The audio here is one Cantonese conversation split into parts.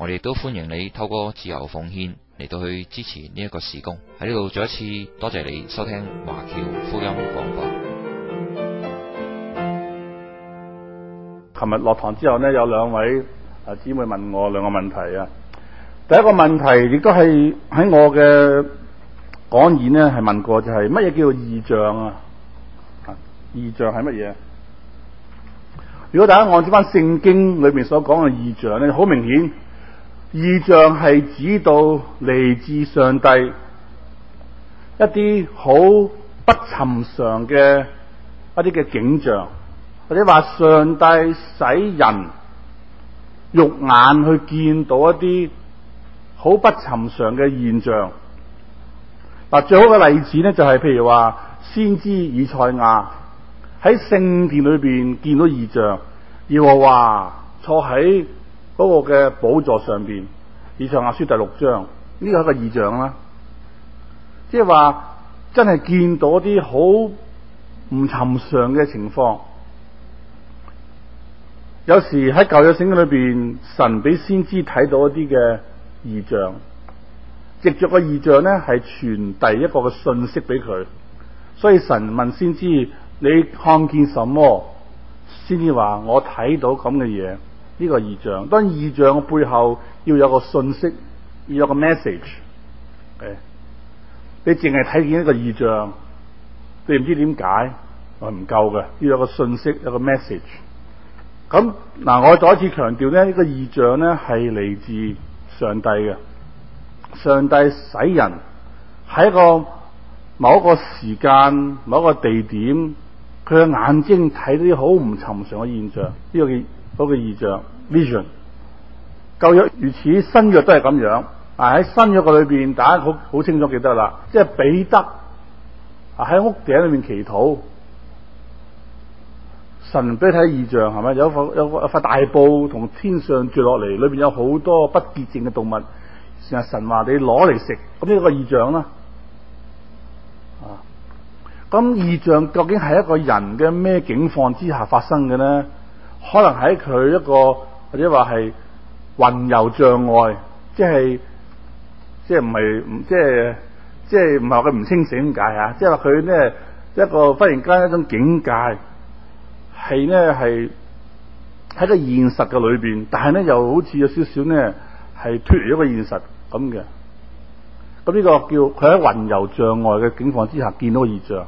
我哋都歡迎你透過自由奉獻嚟到去支持呢一個事工。喺呢度再一次多謝你收聽華僑福音廣播。琴日落堂之後呢，有兩位啊姊妹問我兩個問題啊。第一個問題亦都係喺我嘅講演呢係問過，就是，就係乜嘢叫異象啊？啊異象係乜嘢？如果大家按住翻聖經裏面所講嘅異象咧，好明顯。異象係指到嚟自上帝一啲好不尋常嘅一啲嘅景象，或者話上帝使人肉眼去見到一啲好不尋常嘅現象。嗱，最好嘅例子咧就係譬如話先知以賽亞喺聖殿裏邊見到異象，耶和華坐喺。嗰個嘅寶座上邊，以賽亞書第六章，呢個係一個異象啦，即係話真係見到啲好唔尋常嘅情況。有時喺舊約聖經裏邊，神俾先知睇到一啲嘅異象，藉着個異象咧係傳遞一個嘅信息俾佢，所以神問先知：你看見什麼？先至話我睇到咁嘅嘢。呢個異象，當異象嘅背後要有個訊息，要有個 message，okay？誒，你淨係睇見一個異象，你唔知點解，係唔夠嘅。要有個訊息，有個 message。咁嗱，我再一次強調咧，呢、這個異象咧係嚟自上帝嘅。上帝使人喺一個某一個時間、某一個地點，佢嘅眼睛睇到啲好唔尋常嘅現象，呢、這個叫。嗰個異象，vision 舊約如此，新約都係咁樣。啊喺新約個裏邊，大家好好清楚記得啦，即係彼得啊喺屋頂裏面祈禱，神俾睇異象係咪？有一塊有一塊大布同天上墜落嚟，裏邊有好多不潔淨嘅動物，成日神話你攞嚟食，咁呢個異象啦。啊，咁異象究竟係一個人嘅咩境況之下發生嘅呢？可能喺佢一個或者話係魂遊象外，即係即係唔係，即係即係唔係話佢唔清醒咁解啊！即係話佢呢，一個忽然間一種境界係呢，係喺個現實嘅裏邊，但係呢又好似有少少呢，係脫離一個現實咁嘅。咁呢個叫佢喺魂遊象外嘅境況之下見到異象，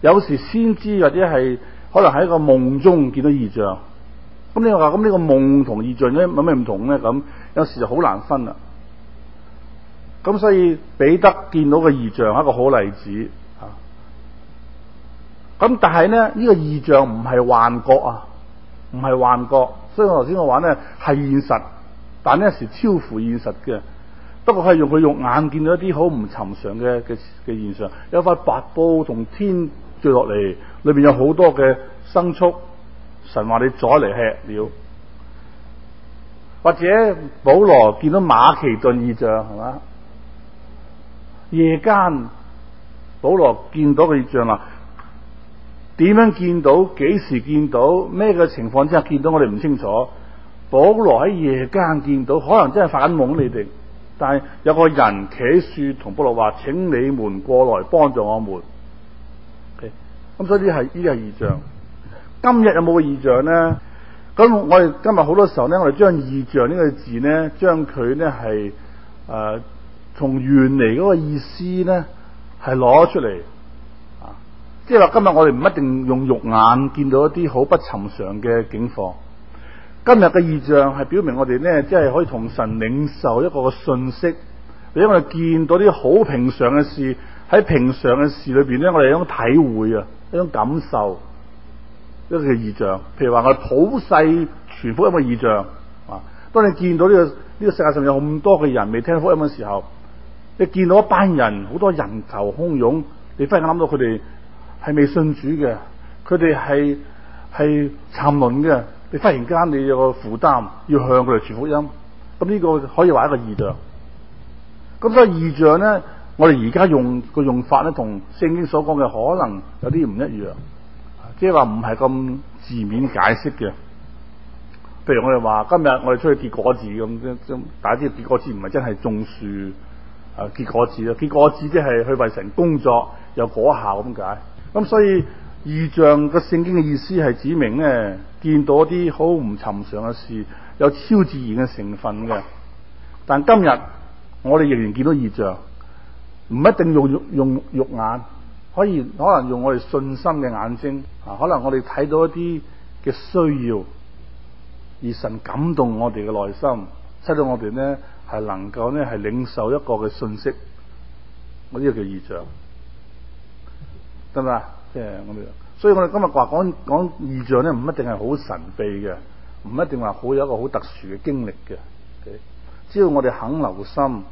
有時先知或者係可能喺一個夢中見到異象。咁你話咁呢個夢同異象有咩唔同咧？咁有時就好難分啦、啊。咁所以彼得見到個異象係一個好例子。吓、啊，咁但係咧呢、這個異象唔係幻覺啊，唔係幻覺。所以我頭先我話咧係現實，但呢時超乎現實嘅，不過係用佢用眼見到一啲好唔尋常嘅嘅嘅現象，有塊白布同天墜落嚟，裏邊有好多嘅牲畜。神話你宰嚟吃了，或者保羅見到馬其頓異象係嘛？夜間保羅見到個異象啦，點樣見到？幾時見到？咩嘅情況之下見到？我哋唔清楚。保羅喺夜間見到，可能真係發緊夢你哋。但係有個人企喺樹同保羅話，請你們過來幫助我們。咁、okay. 嗯、所以呢係呢個異象。今日有冇個異象咧？咁我哋今日好多時候咧，我哋將異象呢個字咧，將佢咧係誒從原嚟個意思咧係攞出嚟，啊！即係話今日我哋唔一定用肉眼見到一啲好不尋常嘅境況。今日嘅異象係表明我哋咧，即係可以同神領受一個嘅信息。因為見到啲好平常嘅事，喺平常嘅事裏邊咧，我哋有一種體會啊，一種感受。一個叫異象，譬如話我哋普世傳福音嘅異象啊！當你見到呢、呢個呢、呢個世界上有咁多嘅人未聽福音嘅時候，你見到一班人好多人頭洶湧，你忽然間諗到佢哋係未信主嘅，佢哋係係沉淪嘅，你忽然間你有個負擔要向佢哋傳福音，咁呢個可以話一個異象。咁所以異象咧我哋而家用個用法咧，同聖經所講嘅可能有啲唔一樣。即係話唔係咁字面解釋嘅，譬如我哋話今日我哋出去結果子咁，大家知結果子唔係真係種樹啊，結果子咯。結果子即係去為神工作有果效咁解。咁所以異象嘅聖經嘅意思係指明咧，見到啲好唔尋常嘅事，有超自然嘅成分嘅。但今日我哋仍然見到異象，唔一定用用用肉眼。可以可能用我哋信心嘅眼睛啊，可能我哋睇到一啲嘅需要，而神感動我哋嘅內心，使到我哋咧，係能夠咧，係領受一個嘅信息。我、這、呢個叫異象，得唔得啊？即係咁樣。所以我哋今日話講講異象咧，唔一定係好神秘嘅，唔一定話好有一個好特殊嘅經歷嘅。Okay? 只要我哋肯留心，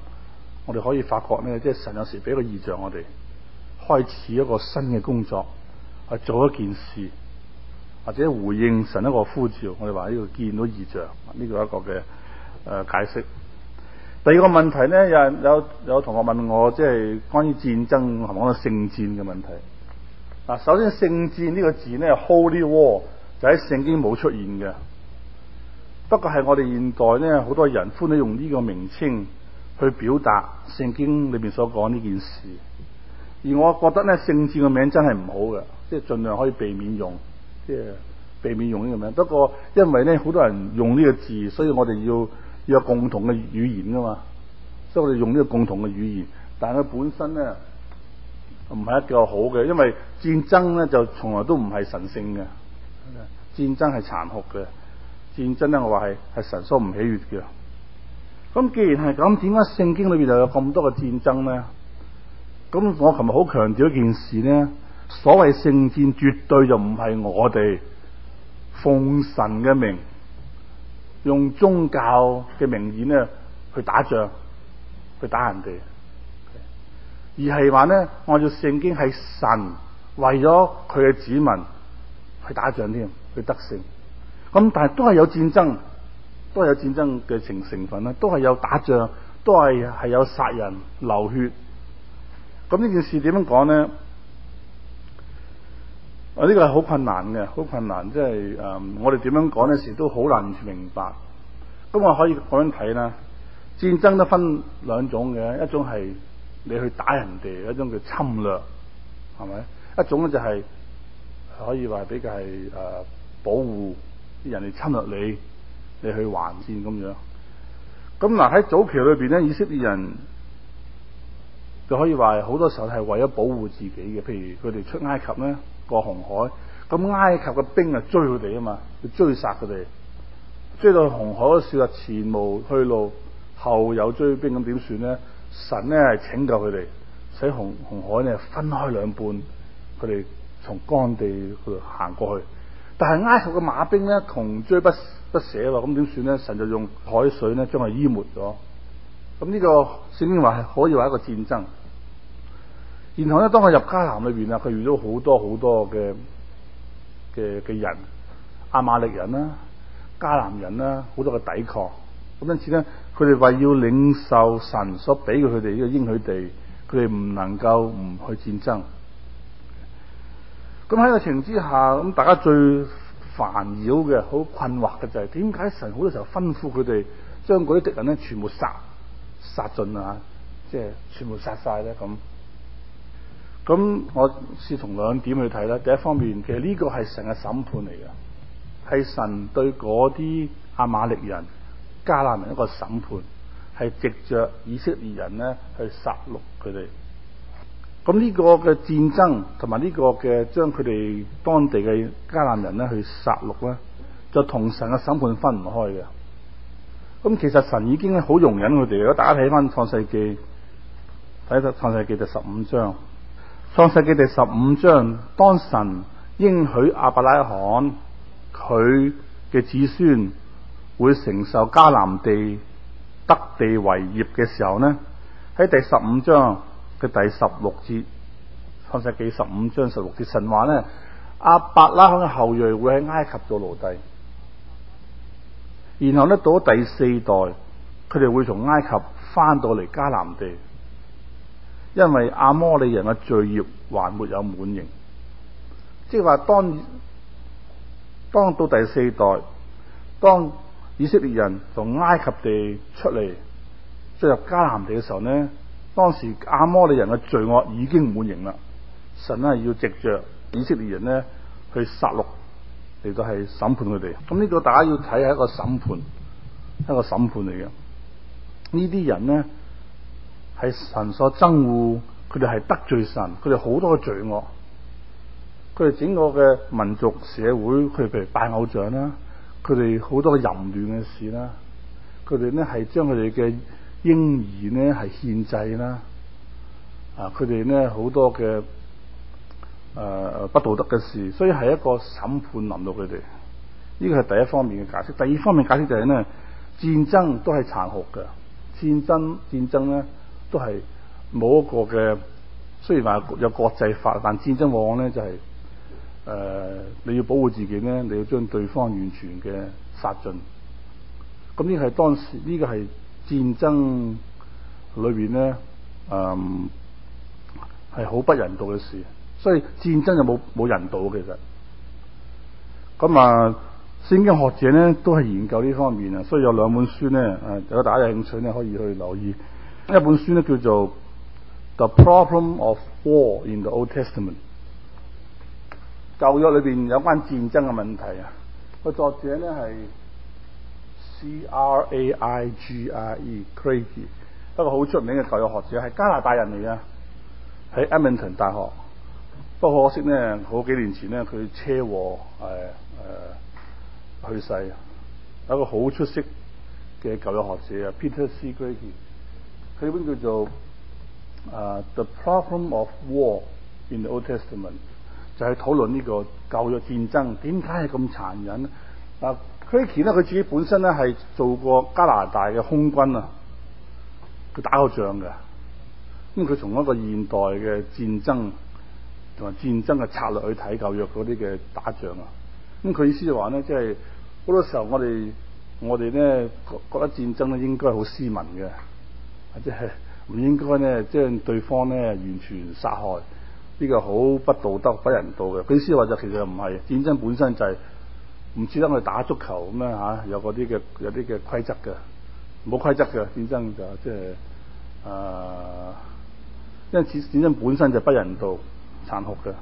我哋可以發覺咧，即係神有時俾個異象我哋。開始一個新嘅工作，去做一件事，或者回應神一個呼召。我哋話呢個見到異象，呢個一個嘅誒解釋。第二個問題咧，有有有同學問我，即係關於戰爭，講到聖戰嘅問題。嗱，首先聖戰呢個字咧 （Holy War） 就喺聖經冇出現嘅，不過係我哋現代咧好多人歡喜用呢個名稱去表達聖經裏邊所講呢件事。而我覺得咧，聖戰個名真係唔好嘅，即係盡量可以避免用，即係避免用呢個名。不過因為咧，好多人用呢個字，所以我哋要要有共同嘅語言噶嘛，所以我哋用呢個共同嘅語言。但係佢本身咧唔係一個好嘅，因為戰爭咧就從來都唔係神聖嘅，戰爭係殘酷嘅，戰爭咧我話係係神所唔喜悅嘅。咁既然係咁，點解聖經裏邊就有咁多嘅戰爭咧？咁我琴日好強調一件事咧，所謂聖戰絕對就唔係我哋奉神嘅名，用宗教嘅名義咧去打仗，去打人哋，而係話咧按照聖經係神為咗佢嘅子民去打仗添，去得勝。咁但係都係有戰爭，都係有戰爭嘅成成分啦，都係有打仗，都係係有殺人、流血。咁呢件事點樣講咧？啊，呢、這個係好困難嘅，好困難，即係誒，我哋點樣講呢事都好難完全明白。咁、嗯、我可以咁樣睇啦。戰爭都分兩種嘅，一種係你去打人哋，一種叫侵略，係咪？一種咧就係可以話比較係誒、呃、保護，人哋侵略你，你去還戰咁樣。咁嗱喺早期裏邊咧，以色列人。就可以話好多時候係為咗保護自己嘅，譬如佢哋出埃及呢，過紅海，咁埃及嘅兵啊追佢哋啊嘛，去追殺佢哋，追到紅海嗰時啊前無去路，後有追兵，咁點算呢？神呢係拯救佢哋，使紅紅海呢分開兩半，佢哋從乾地嗰度行過去。但係埃及嘅馬兵呢，窮追不不捨咯，咁點算呢？神就用海水呢將佢淹沒咗。咁呢個聖經話係可以話一個戰爭。然後咧，當佢入迦南裏邊啊，佢遇到好多好多嘅嘅嘅人，亞瑪力人啦、啊、迦南人啦、啊，好多嘅抵抗。咁因此咧，佢哋話要領受神所俾佢哋呢個應許地，佢哋唔能夠唔去戰爭。咁喺個情形之下，咁大家最煩擾嘅、好困惑嘅就係點解神好多時候吩咐佢哋將嗰啲敵人咧全部殺？殺盡啊，即係全部殺晒咧咁。咁我是從兩點去睇咧。第一方面，其實呢個係神嘅審判嚟嘅，係神對嗰啲亞瑪力人、迦南人一個審判，係藉着以色列人咧去殺戮佢哋。咁呢個嘅戰爭同埋呢個嘅將佢哋當地嘅迦南人咧去殺戮咧，就同神嘅審判分唔開嘅。咁其實神已經好容忍佢哋，如果大家睇翻創世記，睇《創世記》第十五章，《創世記》第十五章，當神應許阿伯拉罕，佢嘅子孫會承受迦南地得地為業嘅時候呢，喺第十五章嘅第十六節，《創世記》十五章十六節神話呢，阿伯拉罕嘅後裔會喺埃及做奴隸。然後咧到第四代，佢哋會從埃及翻到嚟迦南地，因為阿摩利人嘅罪孽還沒有滿盈。即係話當當到第四代，當以色列人從埃及地出嚟進入迦南地嘅時候呢，當時阿摩利人嘅罪惡已經滿盈啦，神係要藉着以色列人呢去殺戮。嚟到係審判佢哋，咁呢度大家要睇係一個審判，一個審判嚟嘅。呢啲人咧係神所憎惡，佢哋係得罪神，佢哋好多罪惡。佢哋整個嘅民族社會，佢哋譬如拜偶像啦，佢哋好多嘅淫亂嘅事啦，佢哋咧係將佢哋嘅嬰兒咧係獻祭啦，啊，佢哋咧好多嘅。誒、呃，不道德嘅事，所以係一個審判臨，臨到佢哋。呢個係第一方面嘅解釋。第二方面解釋就係呢，戰爭都係殘酷嘅，戰爭，戰爭咧都係冇一個嘅。雖然話有國際法，但戰爭往往咧就係、是、誒、呃，你要保護自己咧，你要將對方完全嘅殺盡。咁呢個係當時呢、呢個係戰爭裏邊咧，誒係好不人道嘅事。所以戰爭又冇冇人道，其實咁啊，聖經學者咧都係研究呢方面啊。所以有兩本書咧，誒，大家大家有興趣咧，可以去留意一本書咧，叫做《The Problem of War in the Old Testament》。舊約裏邊有關戰爭嘅問題啊，個作者咧係 C.R.A.I.G.R.E. Craigie，一個好出名嘅舊約學者，係加拿大人嚟嘅，喺 Edmonton 大學。不可惜咧，好幾年前咧，佢車禍誒誒、呃呃、去世。有一個好出色嘅舊約學者啊，Peter Craigie，佢本叫做《啊、呃、The Problem of War in the Old Testament》，就係討論呢個舊約戰爭點解係咁殘忍。嗱，Craigie 咧，佢自己本身咧係做過加拿大嘅空軍啊，佢打過仗嘅。咁佢從一個現代嘅戰爭，同埋戰爭嘅策略去睇舊約嗰啲嘅打仗啊，咁佢意思呢就話、是、咧，即係好多時候我哋我哋咧覺覺得戰爭咧應該好斯文嘅，即係唔應該咧將、就是、對方咧完全殺害，呢、這個好不道德、不人道嘅。佢意思話就其實唔係戰爭本身就係唔似得我哋打足球咁樣吓，有嗰啲嘅有啲嘅規則嘅，冇規則嘅戰爭就即係啊，因為戰戰爭本身就不人道。殘酷嘅，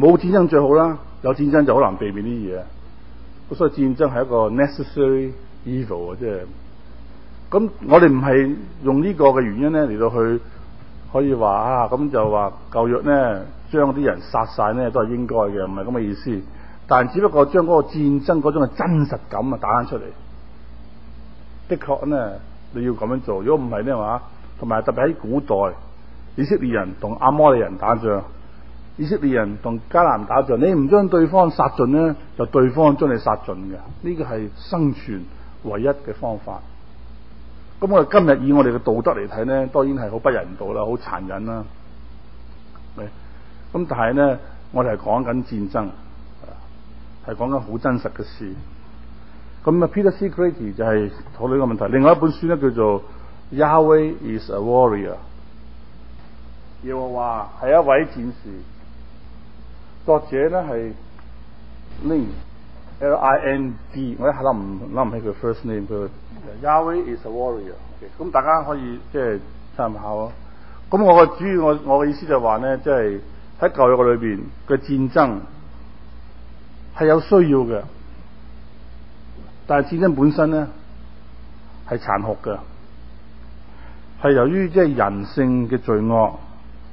冇戰爭最好啦。有戰爭就好難避免呢啲嘢。咁所以戰爭係一個 necessary evil 啊，即係咁。我哋唔係用呢個嘅原因咧，嚟到去可以話啊，咁就話舊約咧將啲人殺晒咧都係應該嘅，唔係咁嘅意思。但係只不過將個戰爭種嘅真實感啊打翻出嚟。的確咧你要咁樣做，如果唔係咧話，同埋特別喺古代以色列人同亞摩利人打仗。以色列人同迦南打仗，你唔將對方殺盡呢，就對方將你殺盡嘅。呢個係生存唯一嘅方法。咁我哋今日以我哋嘅道德嚟睇呢，當然係好不人道啦，好殘忍啦。咁但係呢，我哋係講緊戰爭，係講緊好真實嘅事。咁啊，Peter C. Grady 就係討論個問題。另外一本書呢，叫做《Yahweh is a Warrior》，耶和華係一位戰士。作者咧係，Lind, L I N D 我一諗唔諗唔起佢 first name 佢。Yahweh is a warrior，咁、okay. 大家可以即係、就是、參考咯。咁我嘅主要我我嘅意思就係話咧，即係喺舊約嘅裏邊嘅戰爭係有需要嘅，但係戰爭本身咧係殘酷嘅，係由於即係人性嘅罪惡，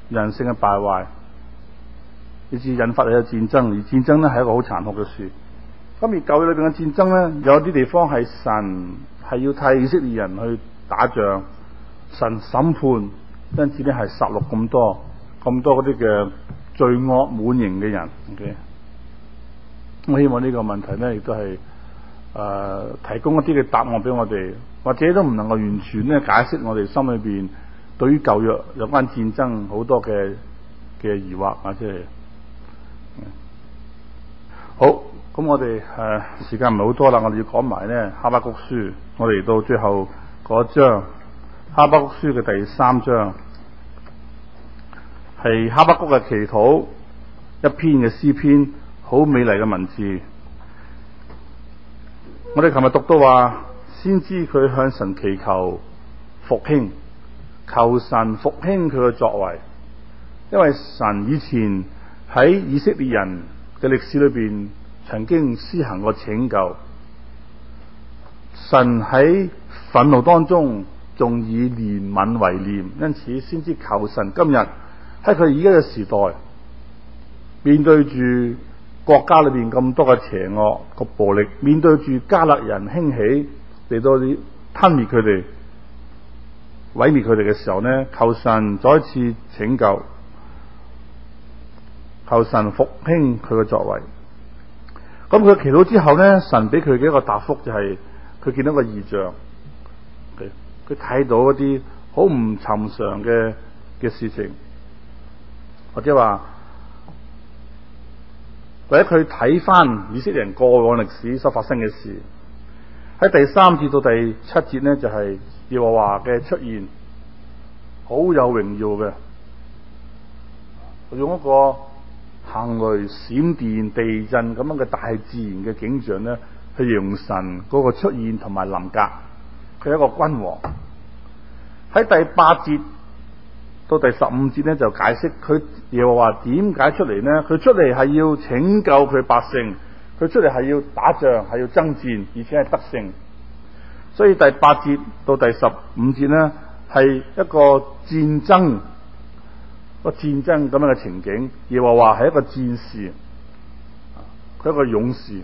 人性嘅敗壞。以致引發你嘅戰爭，而戰爭呢係一個好殘酷嘅事。咁而舊約裏邊嘅戰爭呢，有啲地方係神係要替以色列人去打仗，神審判，因此呢係殺戮咁多咁多嗰啲嘅罪惡滿盈嘅人嘅。Okay. 我希望呢個問題呢，亦都係誒、呃、提供一啲嘅答案俾我哋，或者都唔能夠完全呢解釋我哋心裏邊對於舊約有關戰爭好多嘅嘅疑惑啊，即係。好，咁我哋誒、啊、時間唔係好多啦，我哋要講埋咧哈巴谷書，我哋到最後嗰章，哈巴谷書嘅第三章係哈巴谷嘅祈禱一篇嘅詩篇，好美麗嘅文字。我哋琴日讀到話，先知佢向神祈求復興，求神復興佢嘅作為，因為神以前喺以色列人。嘅歷史裏邊，曾經施行過拯救。神喺憤怒當中，仲以憐憫為念，因此先知求神今日喺佢而家嘅時代，面對住國家裏邊咁多嘅邪惡、及暴力，面對住加勒人興起嚟到啲吞滅佢哋、毀滅佢哋嘅時候呢，求神再一次拯救。求神復興佢嘅作為，咁佢祈禱之後咧，神俾佢嘅一個答覆就係，佢見到個異象，佢睇到一啲好唔尋常嘅嘅事情，或者話或者佢睇返以色列人過往歷史所發生嘅事，喺第三節到第七節咧就係耶和華嘅出現，好有榮耀嘅，用一個。行雷、閃電、地震咁樣嘅大自然嘅景象咧，係形容神嗰個出現同埋臨格，佢一個君王。喺第八節到第十五節咧，就解釋佢又話點解出嚟咧？佢出嚟係要拯救佢百姓，佢出嚟係要打仗，係要爭戰，而且係得勝。所以第八節到第十五節咧，係一個戰爭。個戰爭咁樣嘅情景，耶和華係一個戰士，佢一個勇士。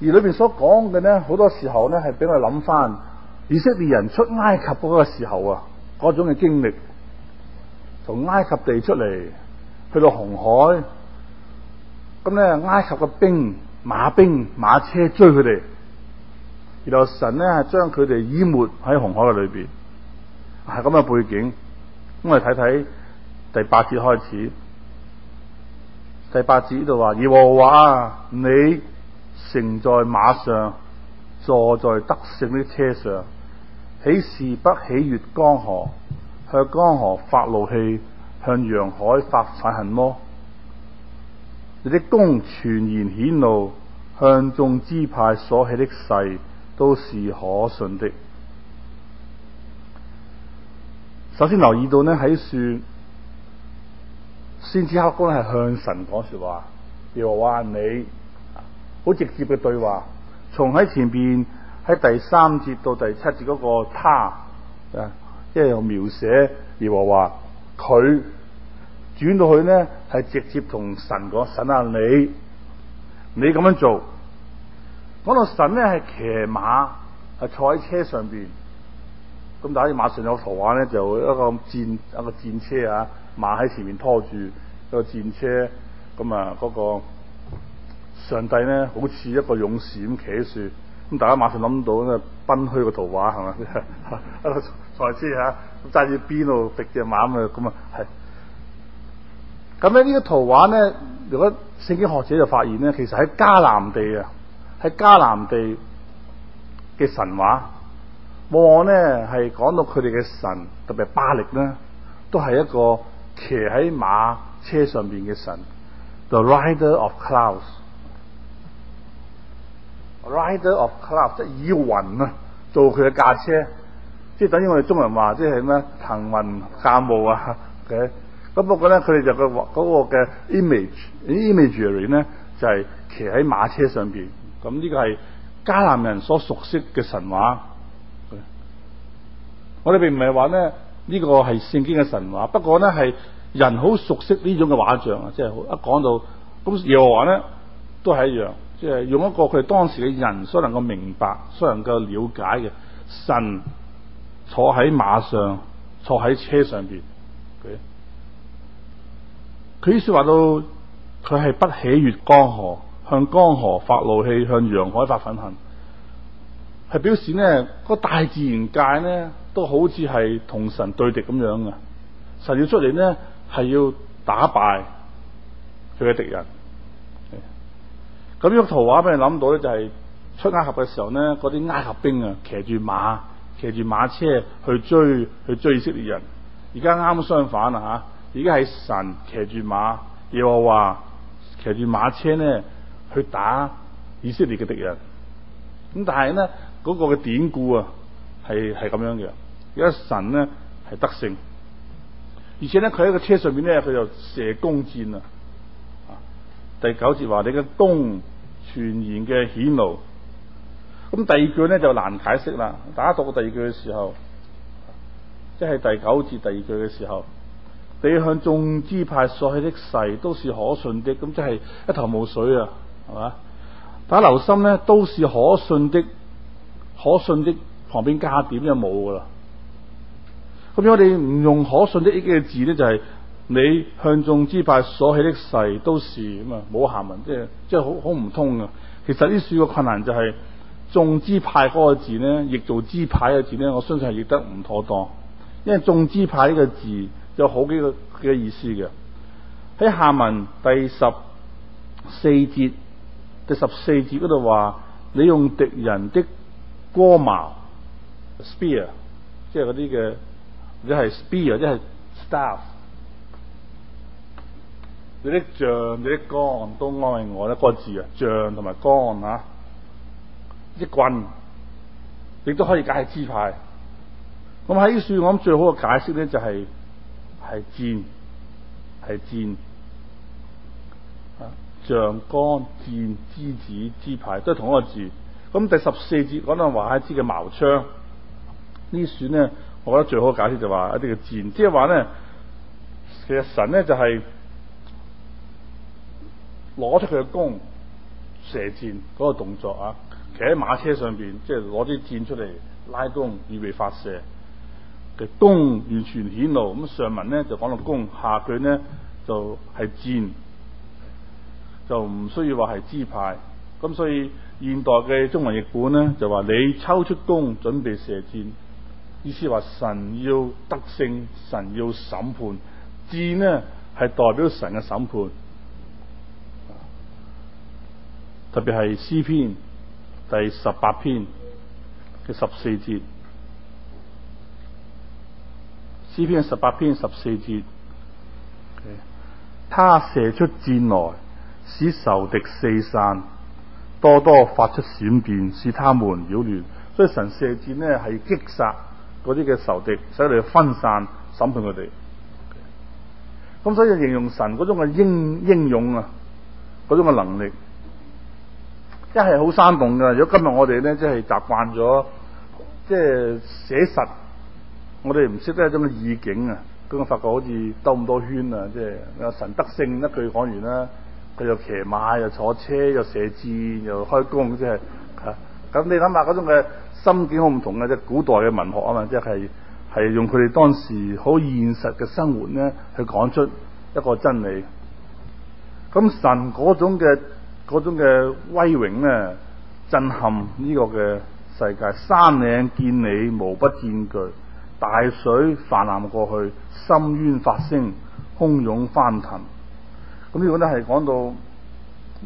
而裏邊所講嘅呢，好多時候呢，係俾我諗翻以色列人出埃及嗰個時候啊，嗰種嘅經歷，從埃及地出嚟去到紅海，咁呢埃及嘅兵馬兵馬車追佢哋，然後神呢，係將佢哋淹沒喺紅海嘅裏邊。係咁嘅背景，咁我哋睇睇第八節開始。第八節呢度話：以和華，你乘在馬上，坐在德勝的車上，豈是不喜越江河？向江河發怒氣，向洋海發發恨麼？你的功全然顯露，向眾支派所起的誓都是可信的。首先留意到咧喺樹先知哈巴谷係向神講說話，耶和華你，好直接嘅對話。從喺前邊喺第三節到第七節個他，即係用描寫耶和華佢，轉到去咧係直接同神講神啊你，你咁樣做。嗰、那個神咧係騎馬，係坐喺車上邊。咁大家馬上有個圖畫咧，就一個戰一個戰車啊，馬喺前面拖住一個戰車，咁啊嗰個上帝咧，好似一個勇士咁企喺度。咁大家馬上諗到咧，賓虛 個,個圖畫係嘛？啊，賽車吓，揸住鞭度揈隻馬咁啊，咁啊係。咁咧呢個圖畫咧，如果聖經學者就發現咧，其實喺迦南地啊，喺迦南地嘅神話。我咧係講到佢哋嘅神，特別係巴力咧，都係一個騎喺馬車上邊嘅神，the rider of clouds，rider of clouds 即係以雲啊做佢嘅駕車，即係等於我哋中文話即係咩騰雲駕霧啊嘅。咁不過咧，佢哋就、嗰個、嗰個嘅 image，imagery 咧就係騎喺馬車上邊。咁呢個係迦南人所熟悉嘅神話。我哋並唔係話咧呢，這個係聖經嘅神話，不過呢係人好熟悉呢種嘅畫像啊，即係一講到咁，耶和華咧都係一樣，即係用一個佢當時嘅人所能夠明白，所能夠了解嘅神坐喺馬上，坐喺車上邊。佢，佢說話到佢係不喜悅江河，向江河發怒氣，向洋海發憤恨，係表示呢，那個大自然界呢。都好似係同神對敵咁樣嘅，神要出嚟咧係要打敗佢嘅敵人。咁呢幅圖畫俾你諗到咧，就係，就係出埃及嘅時候咧，啲埃及兵啊，騎住馬、騎住馬車去追去追以色列人。而家啱相反啊吓，而家係神騎住馬，耶和華騎住馬車咧去打以色列嘅敵人。咁但係咧，嗰個嘅典故啊，係係咁樣嘅。而家神咧係得勝，而且咧佢喺個車上面咧，佢就射弓箭啊。第九節話，你嘅弓全然嘅顯露，咁第二句咧就難解釋啦。大家讀到第二句嘅時候，即係第九節第二句嘅時候，你向眾支派所起的誓都是可信的，咁即係一頭霧水啊，係嘛？大家留心咧，都是可信的，可信的旁邊加點就冇噶啦。咁我哋唔用可信的呢幾個字咧，就係、是、你向眾支派所起的誓都是咁啊，冇下文，即係即係好好唔通啊。其實呢書個困難就係眾支派嗰個字咧，譯做支派嘅字咧，我相信係譯得唔妥當，因為眾支派呢個字有好幾個幾個意思嘅。喺下文第十四節第十四節嗰度話，你用敵人的戈矛、spear，即係嗰啲嘅。即係 spear，即係 staff。你啲杖，你啲杆，都安慰我咧。那個字帳帳啊，杖同埋杆吓，一棍亦都可以解係支牌。咁喺呢樹，我諗最好嘅解釋咧就係係箭，係箭。啊，杖、杆、箭、支子、支牌，都係同一個字。咁第十四節講到華亥之嘅矛槍，呢、樹、啊、呢。我覺得最好嘅解釋，就話一啲嘅箭，即係話咧，其實神咧就係攞出佢嘅弓射箭嗰個動作啊，騎喺馬車上邊，即係攞啲箭出嚟拉弓預備發射嘅弓，完全顯露。咁上文咧就講到弓，下句咧就係箭，就唔需要話係支派。咁所以現代嘅中文譯本咧就話你抽出弓準備射箭。意思話神要得勝，神要審判。箭呢係代表神嘅審判，特別係詩篇第十八篇嘅十四節。詩篇十八篇十四節，他射出箭來，使仇敵四散，多多發出閃電，使他們擾亂。所以神射箭呢係擊殺。嗰啲嘅仇敵，使佢哋分散，審判佢哋。咁所以形容神嗰種嘅英英勇啊，嗰種嘅能力，真係好生動噶。如果今日我哋咧，即係習慣咗，即係寫實，我哋唔識得一種意境啊，咁我發覺好似兜咁多圈啊。即係神得勝一句講完啦，佢又騎馬又坐車又射箭，又開弓，即係吓。咁、啊、你諗下嗰種嘅。心境好唔同嘅，即係古代嘅文學啊嘛，即係係用佢哋當時好現實嘅生活咧，去講出一個真理。咁神嗰種嘅嗰種嘅威榮咧，震撼呢個嘅世界。山嶺見你無不戰懼，大水泛濫過去，深淵發聲，洶湧翻騰，咁呢個咧係講到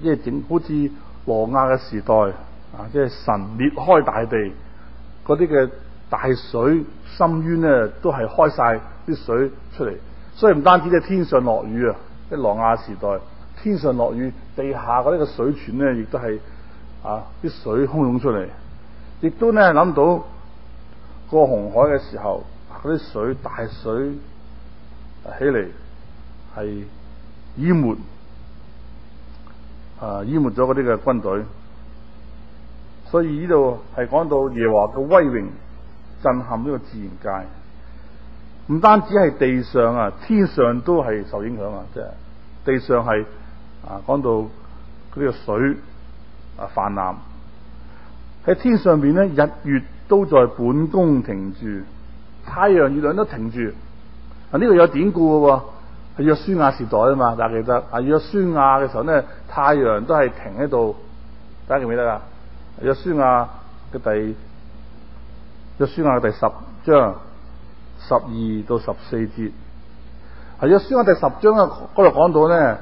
即係頂，好似挪亞嘅時代。啊！即係神裂開大地，啲嘅大水深淵咧，都係開晒啲水出嚟。所以唔單止係天上落雨啊，啲挪亞時代天上落雨，地下嗰啲嘅水泉咧，亦、啊、都係啊啲水洶湧出嚟。亦都咧諗到過紅海嘅時候，啲水大水、啊、起嚟係淹沒啊淹沒咗嗰啲嘅軍隊。所以呢度係講到耶和華嘅威榮震撼呢個自然界，唔單止係地上啊，天上都係受影響啊！即係地上係啊，講到呢個水啊泛濫，喺天上邊咧，日月都在本宮停住，太陽、月亮都停住。啊，呢度有典故嘅，係約書亞時代啊嘛，大家記得啊？約書亞嘅時候咧，太陽都係停喺度，大家記唔記得啊？約書亞嘅，第約書亞嘅第十章十二到十四節。喺約書亞第十章啊嗰度講到咧，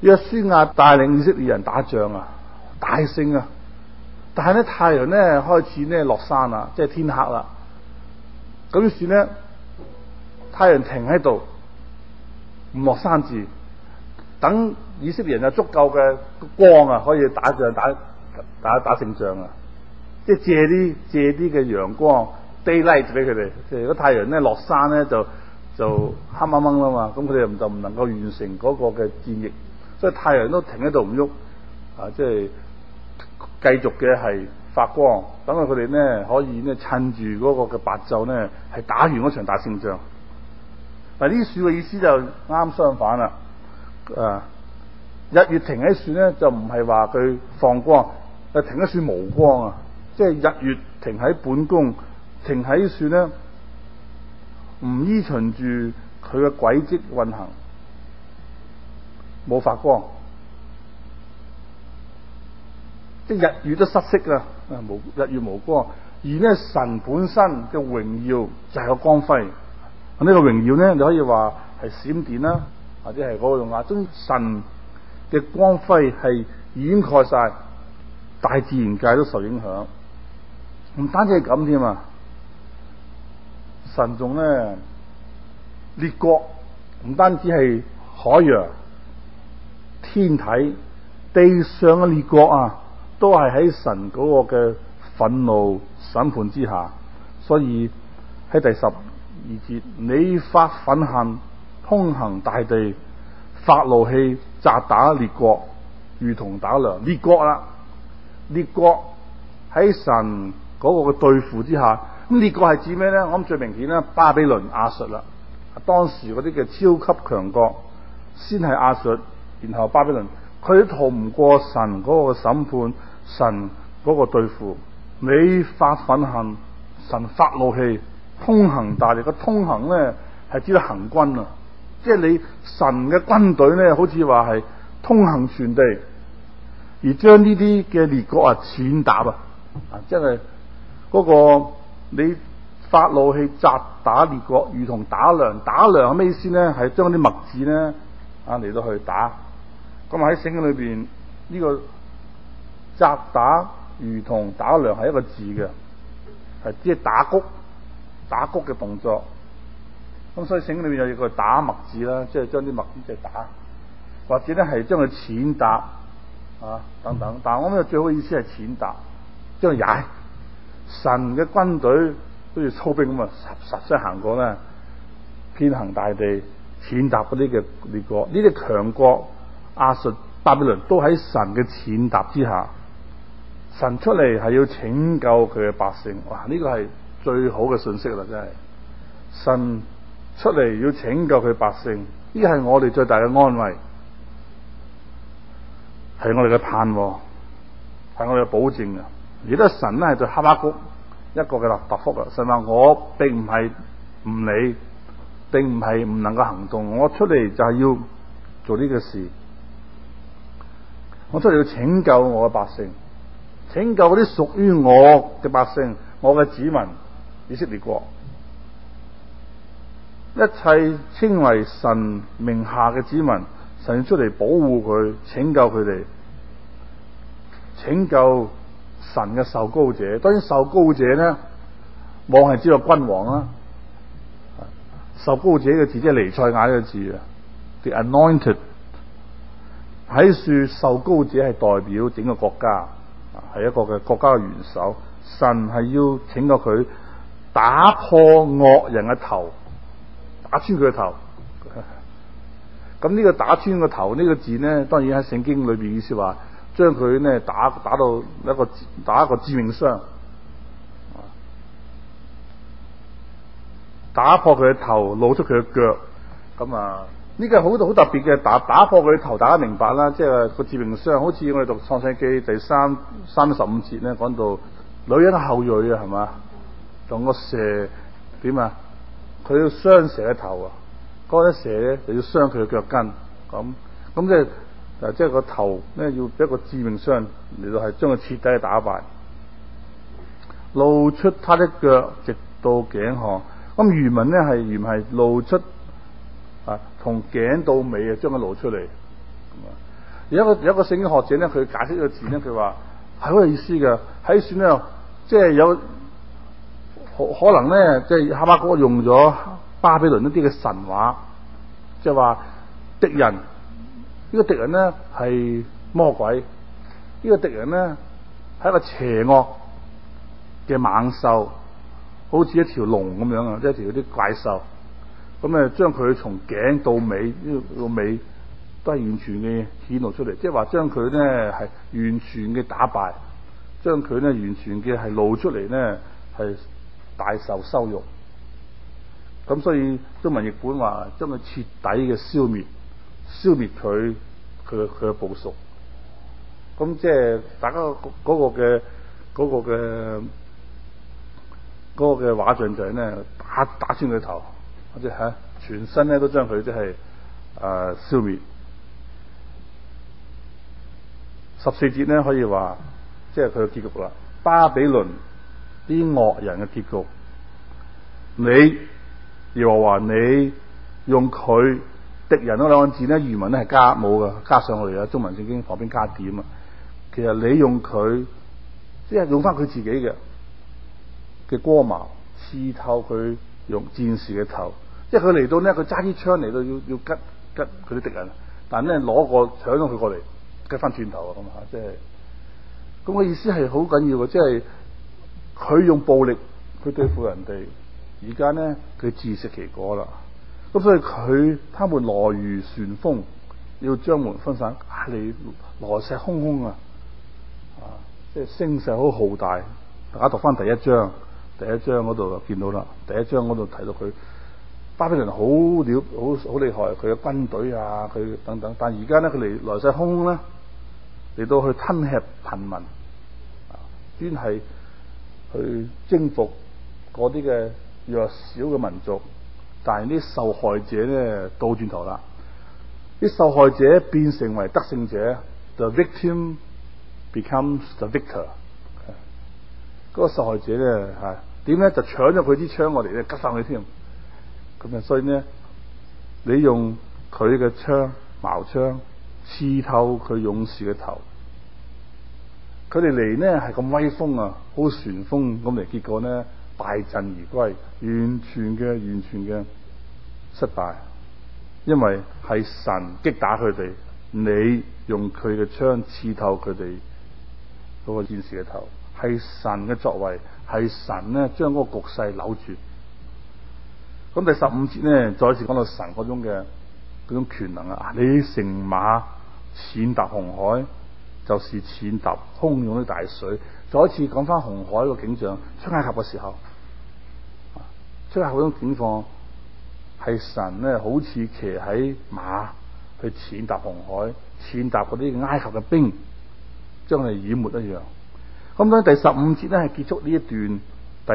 約書亞帶領以色列人打仗啊大勝啊，但係咧太陽咧開始咧落山啦，即係天黑啦。咁於是咧太陽停喺度唔落山住。等以色列人有足夠嘅光啊可以打仗打。打打勝仗啊！即係借啲借啲嘅陽光 daylight 俾佢哋。即係如果太陽咧落山咧就就黑掹掹啦嘛，咁佢哋就唔能夠完成嗰個嘅戰役，所以太陽都停喺度唔喐啊！即係繼續嘅係發光，等佢哋咧可以咧趁住嗰個嘅白晝咧係打完嗰場打勝仗。嗱，係呢樹嘅意思就啱相反啦，誒、啊，日月停喺樹咧就唔係話佢放光。誒，停一串無光啊！即係日月停喺本宮，停喺樹咧，唔依循住佢嘅軌迹運行，冇發光，即係日月都失色啦。啊，無日月無光，而呢神本身嘅榮耀就係、啊這個光輝。咁呢個榮耀咧，你可以話係閃電啦、啊，或者係嗰個用法，將神嘅光輝係掩蓋晒。大自然界都受影響，唔單止係咁添啊！神仲咧，列國唔單止係海洋、天體、地上嘅列國啊，都係喺神嗰個嘅憤怒審判之下。所以喺第十二節，你發憤恨，通行大地，發怒氣，責打列國，如同打糧，列國啦、啊。列國喺神嗰個嘅對付之下，咁列國係指咩呢？我諗最明顯呢，巴比倫、亞述啦，當時嗰啲嘅超級強國，先係亞述，然後巴比倫，佢都逃唔過神嗰個審判，神嗰個對付，你發憤恨，神發怒氣，通行大力，個通行呢，係指行軍啊，即係你神嘅軍隊呢，好似話係通行全地。而將呢啲嘅列國啊，踐踏啊，啊，即係嗰個你發怒去責打列國，如同打糧。打糧係咩意思咧？係將啲麥子咧啊嚟到去打。咁啊喺聖經裏邊呢個責打如同打糧係一個字嘅，即係打穀、打穀嘅動作。咁所以聖經裏邊有個打麥子啦，即係將啲麥子即係打，或者咧係將佢踐踏。啊，等等，但係我諗最好意思係踐踏，因為踩。神嘅軍隊好似操兵咁，啊，實實相行過咧，遍行大地，踐踏嗰啲嘅列國，呢啲強國亞述巴比倫都喺神嘅踐踏之下。神出嚟係要拯救佢嘅百姓，哇！呢個係最好嘅信息啦，真係。神出嚟要拯救佢百姓，呢個係我哋最大嘅安慰。係我哋嘅盼，係我哋嘅保證嘅。而家神咧係對哈巴谷一個嘅答答覆啦。神話我並唔係唔理，並唔係唔能夠行動。我出嚟就係要做呢個事。我出嚟要拯救我嘅百姓，拯救嗰啲屬於我嘅百姓，我嘅子民以色列國，一切稱為神名下嘅子民。神出嚟保護佢，拯救佢哋，拯救神嘅受膏者。當然受膏者咧，望係知道君王啦。受膏者嘅字即係彌賽亞嘅字啊，the anointed。喺樹受膏者係代表整個國家，係一個嘅國家嘅元首。神係要拯救佢，打破惡人嘅頭，打穿佢嘅頭。咁呢個打穿個頭呢、這個字咧，當然喺聖經裏邊意思話，將佢咧打打到一個打一個致命傷，啊打破佢嘅頭，露出佢嘅腳。咁啊，呢、這個好好特別嘅打打破佢嘅頭，大家明白啦。即係個致命傷，好似我哋讀創世記第三三十五節咧，講到女人後裔啊，係嘛，同個蛇點啊，佢要傷蛇嘅頭啊。嗰啲蛇咧又要傷佢嘅腳跟，咁咁即係啊，即係個頭咧要畀一個致命傷嚟到，係將佢徹底打敗，露出他的腳直到頸項。咁漁民咧係原係露出啊，從頸到尾啊，將佢露出嚟。有一個有一個聖經學者咧，佢解釋呢個字咧，佢話係好有意思嘅，喺選咧，即係有可可能咧，即係哈巴谷用咗。巴比倫一啲嘅神話，即係話敵人，呢個敵人咧係魔鬼，這個、呢個敵人咧係一個邪惡嘅猛獸，好似一條龍咁樣啊，即、就、係、是、一條啲怪獸咁啊，將佢從頸到尾，呢個尾，尾都係完全嘅顯露出嚟，即係話將佢咧係完全嘅打敗，將佢咧完全嘅係露出嚟咧係大受羞辱。咁、嗯、所以，中文譯本話將佢徹底嘅消滅，消滅佢佢佢嘅部屬。咁即係大家嗰、嗰個嘅嗰、嗰個嘅嗰、嗰個嘅畫像就係咧，打打穿佢頭，或者嚇全身咧都將佢即係誒消滅。十四節咧可以話，即係佢嘅結局啦。巴比倫啲惡人嘅結局，你。而話話你用佢敵人嗰兩個字咧，原文咧係加冇噶，加上我哋啊中文聖經旁邊加點啊。其實你用佢，即係用翻佢自己嘅嘅光矛刺透佢用戰士嘅頭。即係佢嚟到呢，佢揸啲槍嚟到要要吉吉佢啲敵人，但係咧攞個槍佢過嚟吉翻轉頭啊咁啊！即係，咁嘅意思係好緊要嘅，即係佢用暴力去對付人哋。而家咧，佢自食其果啦。咁所以佢，他們來如旋風，要將門分散。啊，你來勢洶洶啊！啊，即係聲勢好浩大。大家讀翻第一章，第一章嗰度就見到啦。第一章嗰度睇到佢巴比倫好了，好好厲害，佢嘅軍隊啊，佢等等。但而家咧，佢哋來勢洶洶啦，嚟到去吞吃貧民，專、啊、係去征服嗰啲嘅。弱小嘅民族，但係啲受害者咧，倒轉頭啦，啲受害者變成為得勝者，就 victim becomes the victor。嗰、那個受害者咧，係點咧就搶咗佢支槍，我哋咧，吉翻佢添。咁啊，所以咧，你用佢嘅槍矛槍刺透佢勇士嘅頭，佢哋嚟呢係咁威風啊，好旋風咁嚟，結果咧。敗陣而歸，完全嘅、完全嘅失敗，因為係神擊打佢哋。你用佢嘅槍刺透佢哋嗰個戰士嘅頭，係神嘅作為，係神呢將嗰個局勢扭住。咁第十五節呢，再一次講到神嗰種嘅嗰種權能啊！你乘馬踐踏紅海，就是踐踏洶湧啲大水。再一次講翻紅海個景象，出埃及嘅時候。出下好多景況，係神咧，好似騎喺馬去踐踏紅海，踐踏嗰啲埃及嘅兵，將嚟淹沒一樣。咁樣第十五節咧係結束呢一段，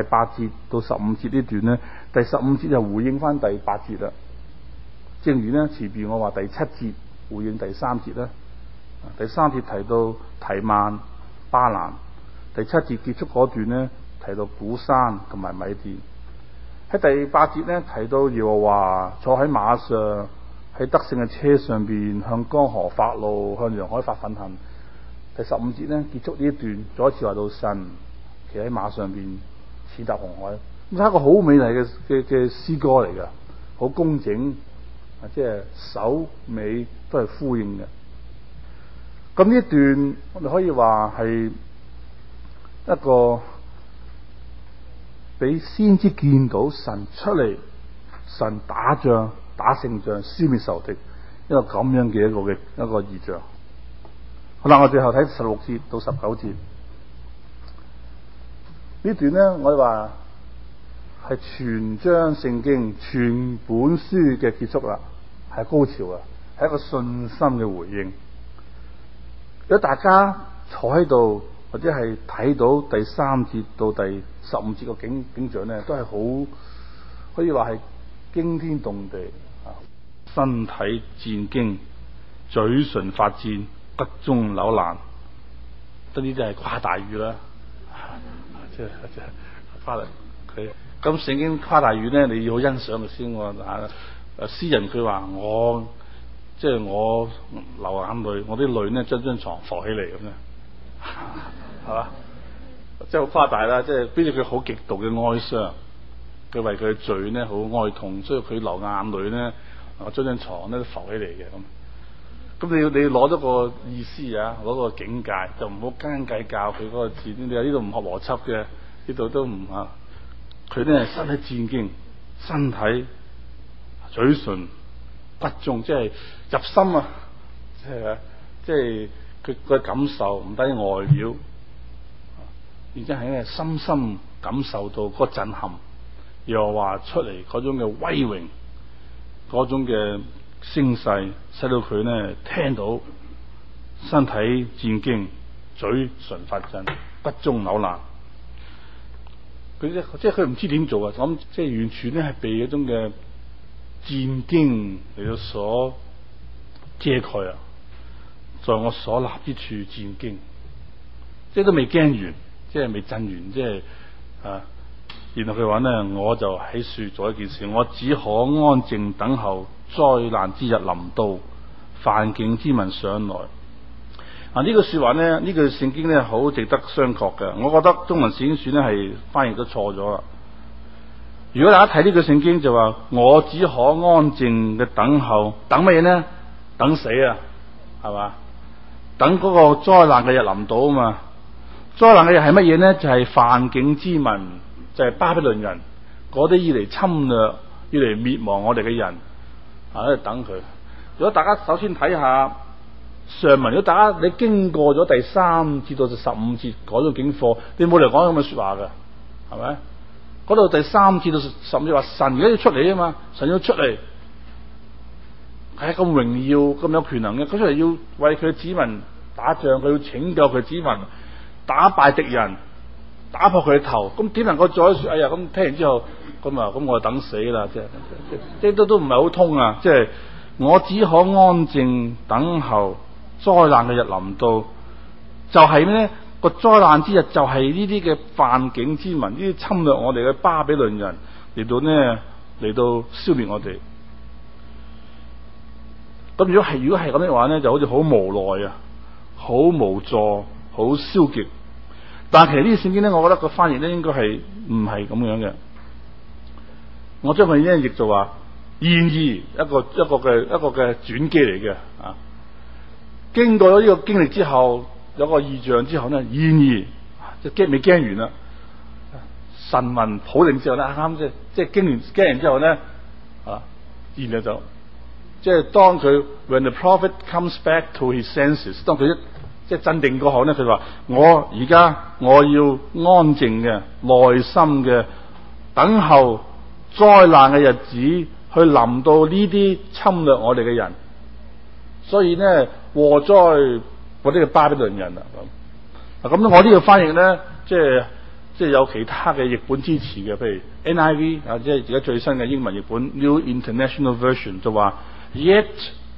第八節到十五節呢段咧，第十五節就回應返第八節啦。正如咧，前面我話第七節回應第三節啦，第三節提到提曼巴蘭，第七節結束嗰段咧提到古山同埋米甸。喺第八節咧提到，耶和華坐喺馬上，喺德勝嘅車上邊，向江河發怒，向洋海發憤恨。第十五節咧結束呢一段，再一次話到神騎喺馬上邊，似踏紅海。咁係一個好美麗嘅嘅嘅詩歌嚟噶，好工整啊，即係首尾都係呼應嘅。咁呢一段，我哋可以話係一個。俾先知見到神出嚟，神打仗打勝仗消滅仇敵，一個咁樣嘅一個嘅一個異象。好啦，我最後睇十六節到十九節呢段咧，我哋話係全章聖經全本書嘅結束啦，係高潮啊，係一個信心嘅回應。如果大家坐喺度。或者係睇到第三節到第十五節個景景象咧，都係好可以話係驚天動地。啊！身體戰驚，嘴唇發戰，骨中扭爛得，呢啲都係誇大語啦。即係即係跨嚟佢。咁聖 經誇大語咧，你要好欣賞佢先喎。啊！詩人佢話我即係我流眼淚，我啲淚咧將張床浮起嚟咁樣。啊係嘛、 啊，即係好誇大啦，即係表示佢好極度嘅哀傷，佢為佢嘅罪咧好哀痛，所以佢流眼淚咧，將、啊、張床咧浮起嚟嘅咁。咁你要你攞咗個意思啊，攞個境界，就唔好斤斤計較佢嗰個字。你話呢度唔合邏輯嘅，呢度都唔啊。佢咧身體戰兢，身體、嘴唇、骨中，即係入心啊，即係即係佢個感受唔單止外表。而且喺咧深深感受到嗰震撼，又話出嚟嗰種嘅威榮，嗰種嘅聲勢，使到佢呢聽到身體戰驚，嘴唇發震，骨中朽爛。佢即即係佢唔知點做啊！咁即係完全呢係被一種嘅戰驚嚟到所遮蓋啊！在我所立之處戰驚，即係都未驚完。即係未震完，即係啊！然後佢話呢，我就喺樹做一件事，我只可安靜等候災難之日臨到，犯境之民上來。嗱呢句說話呢，呢句聖經呢，好值得商榷嘅。我覺得中文聖經書呢係翻譯都錯咗啦。如果大家睇呢句聖經就話，我只可安靜嘅等候，等乜嘢呢？等死啊，係嘛？等嗰個災難嘅日臨到啊嘛！災難嘅人係乜嘢咧？就係犯境之民，就係、是、巴比倫人嗰啲，以嚟侵略、以嚟滅亡我哋嘅人。喺、啊、度等佢。如果大家首先睇下上文，如果大家你經過咗第三節到十五節嗰啲警課，你冇理由講咁嘅說話嘅，係咪？嗰度第三節到十五節話神而家要出嚟啊嘛，神要出嚟係咁榮耀、咁有權能嘅，佢出嚟要為佢嘅子民打仗，佢要拯救佢嘅子民。打敗敵人，打破佢嘅頭，咁點能夠再說？哎呀，咁聽完之後，咁啊，咁我就等死啦！即係，即係都都唔係好通啊！即係，我只可安靜等候災難嘅日臨到，就係咩咧？個災難之日就係呢啲嘅犯境之民，呢啲侵略我哋嘅巴比倫人嚟到咧，嚟到消滅我哋。咁如果係如果係咁樣嘅話咧，就好似好無奈啊，好無助，好消極。但係其實呢啲聖經咧，我覺得個翻譯咧應該係唔係咁樣嘅。我將佢咧譯就話，然而一個一個嘅一個嘅轉機嚟嘅啊。經過咗呢個經歷之後，有個異象之後呢，然而、啊、即係驚未驚完啦。神民普領之後呢，啱即係即係驚完驚完之後呢，啊，然就即係當佢 When the prophet comes back to his senses，當佢一即係鎮定過後咧，佢話：我而家我要安靜嘅耐心嘅等候災難嘅日子去臨到呢啲侵略我哋嘅人，所以咧禍災嗰啲叫巴比倫人啦。咁、啊、咁我呢度翻譯咧，即係即係有其他嘅譯本支持嘅，譬如 NIV 啊，即係而家最新嘅英文譯本 New International Version，就話：Yet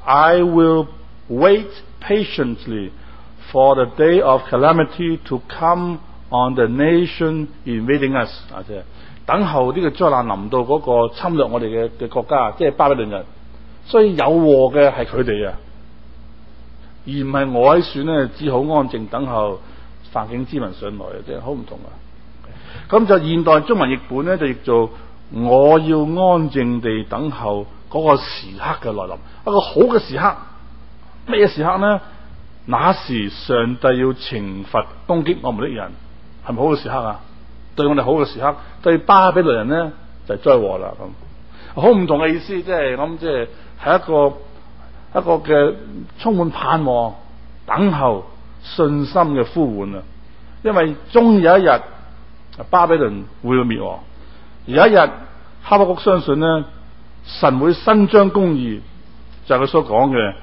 I will wait patiently。For the day of calamity to come on the nation invading us，即係等候呢個災難臨到嗰個侵略我哋嘅嘅國家，即係巴比倫人。所以有禍嘅係佢哋啊，而唔係我喺選咧，只好安靜等候犯境之民上來嘅，即係好唔同啊。咁就現代中文譯本咧，就譯做我要安靜地等候嗰個時刻嘅來臨，一個好嘅時刻，咩嘢時刻咧？那時上帝要懲罰攻擊我們的人，係咪好嘅時刻啊？對我哋好嘅時刻，對巴比倫人咧就係災禍啦。咁，好唔同嘅意思，即係咁，即係係一個一個嘅充滿盼望、等候、信心嘅呼喚啊，因為終有一日巴比倫會滅亡，而有一日哈巴谷相信咧，神會伸張公義，就係、是、佢所講嘅。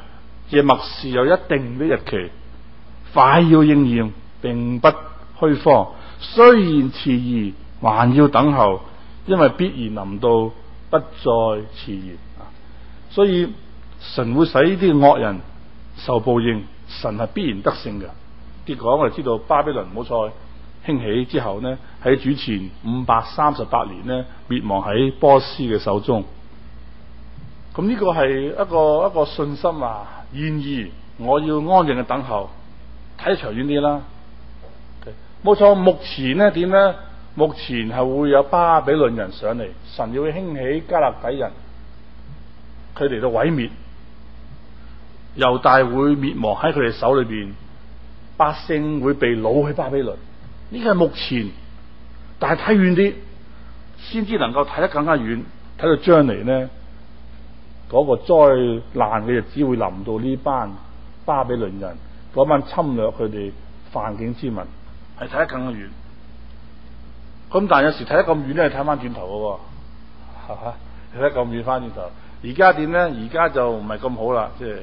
嘅默示有一定的日期，快要應驗，並不虛謊，雖然遲疑，還要等候，因為必然臨到不再遲疑。所以神會使呢啲惡人受報應，神係必然得勝嘅。結果我哋知道巴比倫冇錯興起之後呢，喺主前五百三十八年呢滅亡喺波斯嘅手中。咁呢個係一個一個信心啊！然而我要安靜嘅等候，睇得長遠啲啦。okay. 冇錯，目前呢點呢？目前係會有巴比倫人上嚟，神要興起加勒底人，佢嚟到毀滅猶大會滅亡喺佢哋手裏邊，百姓會被擄去巴比倫。呢個係目前，但係睇遠啲，先至能夠睇得更加遠，睇到將來呢。嗰個災難嘅日子會臨到呢班巴比倫人嗰班侵略佢哋犯境之民，係睇得更遠。咁但係有時睇得咁遠咧，睇翻轉頭嘅喎，睇得咁遠，翻轉頭， 頭。而家點咧？而家就唔係咁好啦，即係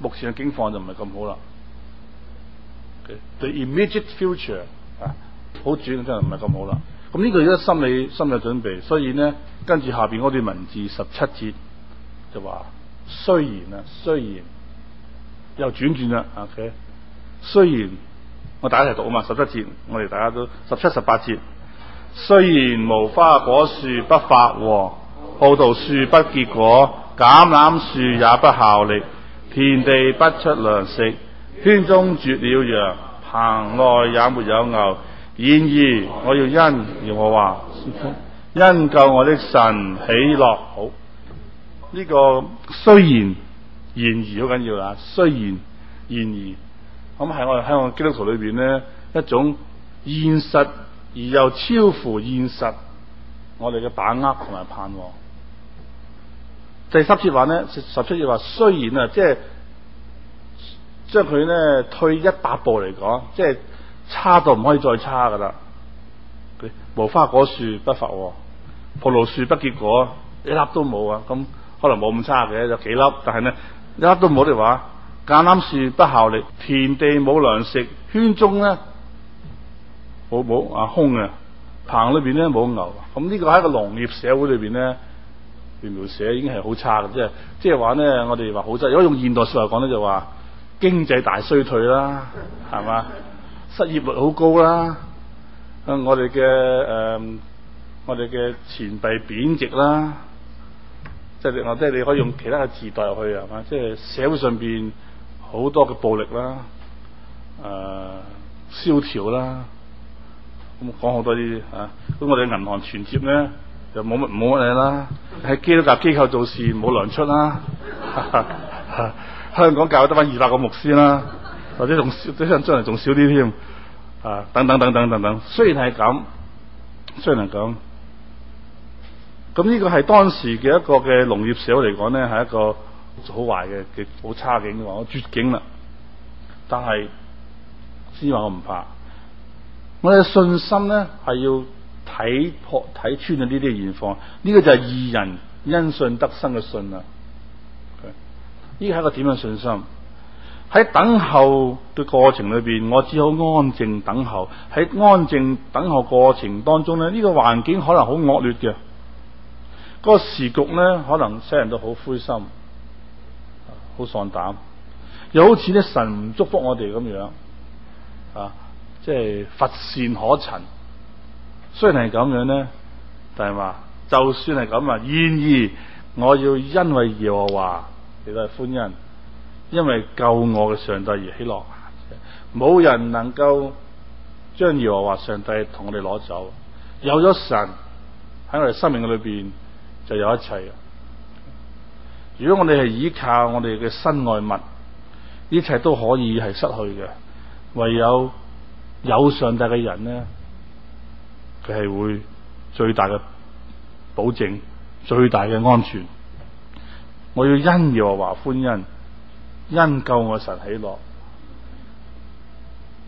目前嘅境況就唔係咁好啦。Okay. The immediate future 啊， 好轉真係唔係咁好啦。咁呢、嗯、個要心理心理準備，所以咧跟住下邊嗰段文字十七節。就話雖然啊，雖然，雖然又轉轉啦，OK。雖然我大家一齊讀啊嘛，十七節，我哋大家都十七、十八節。雖然無花果樹不發旺，葡萄樹不結果，橄欖樹也不效力，田地不出糧食，圈中絕了羊，棚內也沒有牛。然而我要因，而我話，因救我的神喜樂好。呢、這個雖然然而，好緊要啦，雖然然而，咁係我哋香港基督徒裏邊咧一種現實而又超乎現實我哋嘅把握同埋盼望。第三節話咧，十七節話，雖然啊，即係將佢咧退一百步嚟講，即係差到唔可以再差噶啦。無花果樹不發，葡萄樹不結果，一粒都冇啊！咁。可能冇咁差嘅，有幾粒，但係咧一粒都冇啲話，橄欖樹不效力，田地冇糧食，圈中咧冇冇啊空啊，棚裏邊咧冇牛，咁、嗯、呢、這個喺個農業社會裏邊咧，條社已經係好差嘅，即係即係話咧，我哋話好差，如果用現代術語講咧，就話、是、經濟大衰退啦，係嘛，失業率好高啦，啊我哋嘅誒我哋嘅錢幣貶值啦。即係你可以用其他嘅字代入去啊嘛？即係社會上邊好多嘅暴力啦，誒、呃、蕭條啦，咁、嗯、講好多呢啲嚇。咁、啊、我哋銀行存折咧就冇乜冇乜嘢啦。喺基督教機構做事冇糧出啦、啊啊啊，香港教得翻二百個牧師啦，或者仲少，即係將來仲少啲添啊！等等等等等等，雖然係咁，雖然係咁。咁呢個係當時嘅一個嘅農業社會嚟講咧，係一個好壞嘅嘅好差境嘅話，我絕境啦。但係，先話我唔怕，我嘅信心咧係要睇破、睇穿呢啲嘅現況。呢、這個就係義人因信得生嘅信啊！呢個係一個點樣信心？喺等候嘅過程裏邊，我只好安靜等候。喺安靜等候過程當中咧，呢、這個環境可能好惡劣嘅。嗰個時局咧，可能使人都好灰心、好喪膽，又好似啲神唔祝福我哋咁樣啊，即係乏善可陳。雖然係咁樣咧，但係話就算係咁啊，然而我要因為耶和華，亦都係歡欣，因為救我嘅上帝而喜樂。冇人能夠將耶和華上帝同我哋攞走，有咗神喺我哋生命嘅裏邊就有一切嘅。如果我哋係依靠我哋嘅身外物，一切都可以係失去嘅。唯有有上帝嘅人呢，佢係會最大嘅保證，最大嘅安全。我要因耶和華歡欣，因救我神喜樂。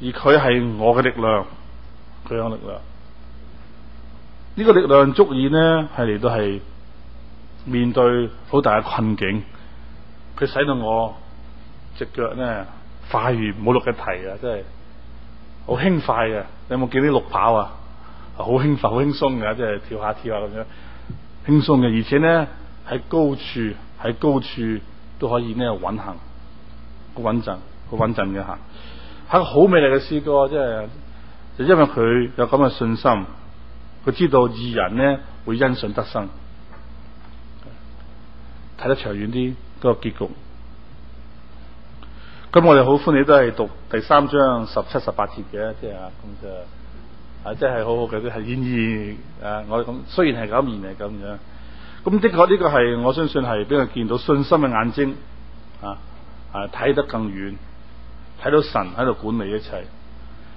而佢係我嘅力量，佢有力量。呢、這個力量足以呢，係嚟到係。面對好大嘅困境，佢使到我隻腳咧快如母鹿嘅蹄啊！真係好輕快嘅，你有冇見啲鹿跑啊？好輕快，好輕鬆嘅，即係跳下跳下咁樣，輕鬆嘅。而且咧喺高處，喺高處都可以咧穩行，好穩陣，好穩陣嘅行。係一個好美麗嘅詩歌，即係就因為佢有咁嘅信心，佢知道義人咧會因信得生。睇得長遠啲，嗰個結局，咁我哋好歡喜都係讀第三章十七十八節嘅，即係啊，就，啊，即係好好嘅啲係顯現啊！我咁雖然係講面嘅咁樣，咁的確呢個係我相信係俾人見到信心嘅眼睛啊啊，睇，啊，得更遠，睇到神喺度管理一切。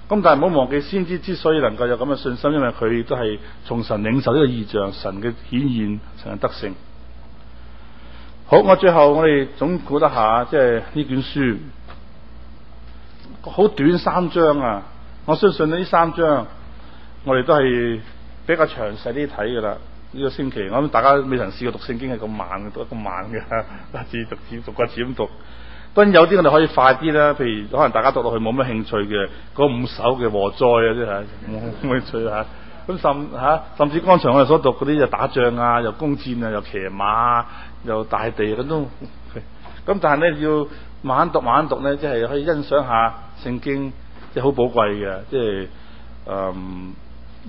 咁但係唔好忘記，先知之所以能夠有咁嘅信心，因為佢都係從神領受呢個異象、神嘅顯現、神嘅德性。好，我最後我哋總估得下，即係呢卷書好短三章啊！我相信呢三章我哋都係比較詳細啲睇噶啦。呢、這個星期我諗大家未曾試過讀聖經係咁慢，嘅，讀得咁慢嘅，字讀字讀骨子咁讀。當然有啲我哋可以快啲啦，譬如可能大家讀落去冇乜興趣嘅嗰、那個、五首嘅禍哉啊，即係冇興趣吓。咁甚吓甚至剛才我哋所讀嗰啲就打仗啊，又攻戰啊，又騎馬、啊又大地咁都，咁但係咧要慢讀慢讀咧，即係可以欣賞下聖經，即係好寶貴嘅，即係，嗯、呃，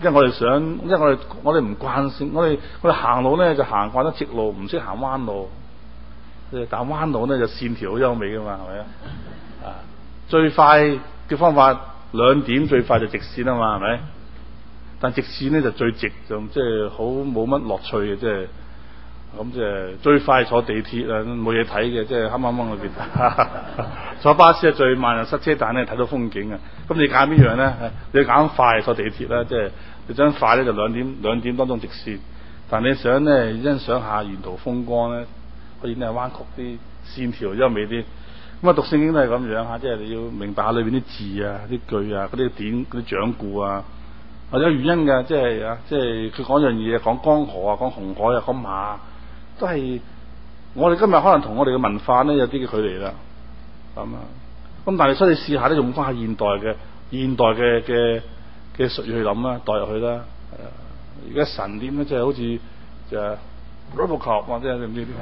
因為我哋想，因為我哋我哋唔慣性，我哋我哋行路咧就行慣咗直路，唔識行彎路，但係彎路咧就線條好優美噶嘛，係咪啊？ 最快嘅方法兩點最快就直線啊嘛，係咪？但直線咧就最直，就即係好冇乜樂趣嘅，即係。咁即係最快坐地鐵啊！冇嘢睇嘅，即係黑掹掹裏邊。 坐巴士啊，最慢又塞車但係，睇到風景啊。咁你揀邊樣咧？你揀快坐地鐵啦，即係你想快咧就兩點兩點當中直線。但係你想咧欣賞下沿途風光咧，佢已經係彎曲啲線條優美啲。咁啊讀聖經都係咁樣吓，即係你要明白下裏邊啲字啊、啲句啊、嗰啲點、嗰啲掌故啊，或者原因嘅，即係啊，即係佢講樣嘢，講江河啊，講紅海啊，講馬。都係，我哋今日可能同我哋嘅文化咧有啲嘅距離啦，咁、嗯、啊，咁但係所以你試下都用翻係現代嘅、現代嘅嘅嘅術語去諗啦，代入去啦，而家神點咧，即、就、係、是、好似就攞部球或者點點點，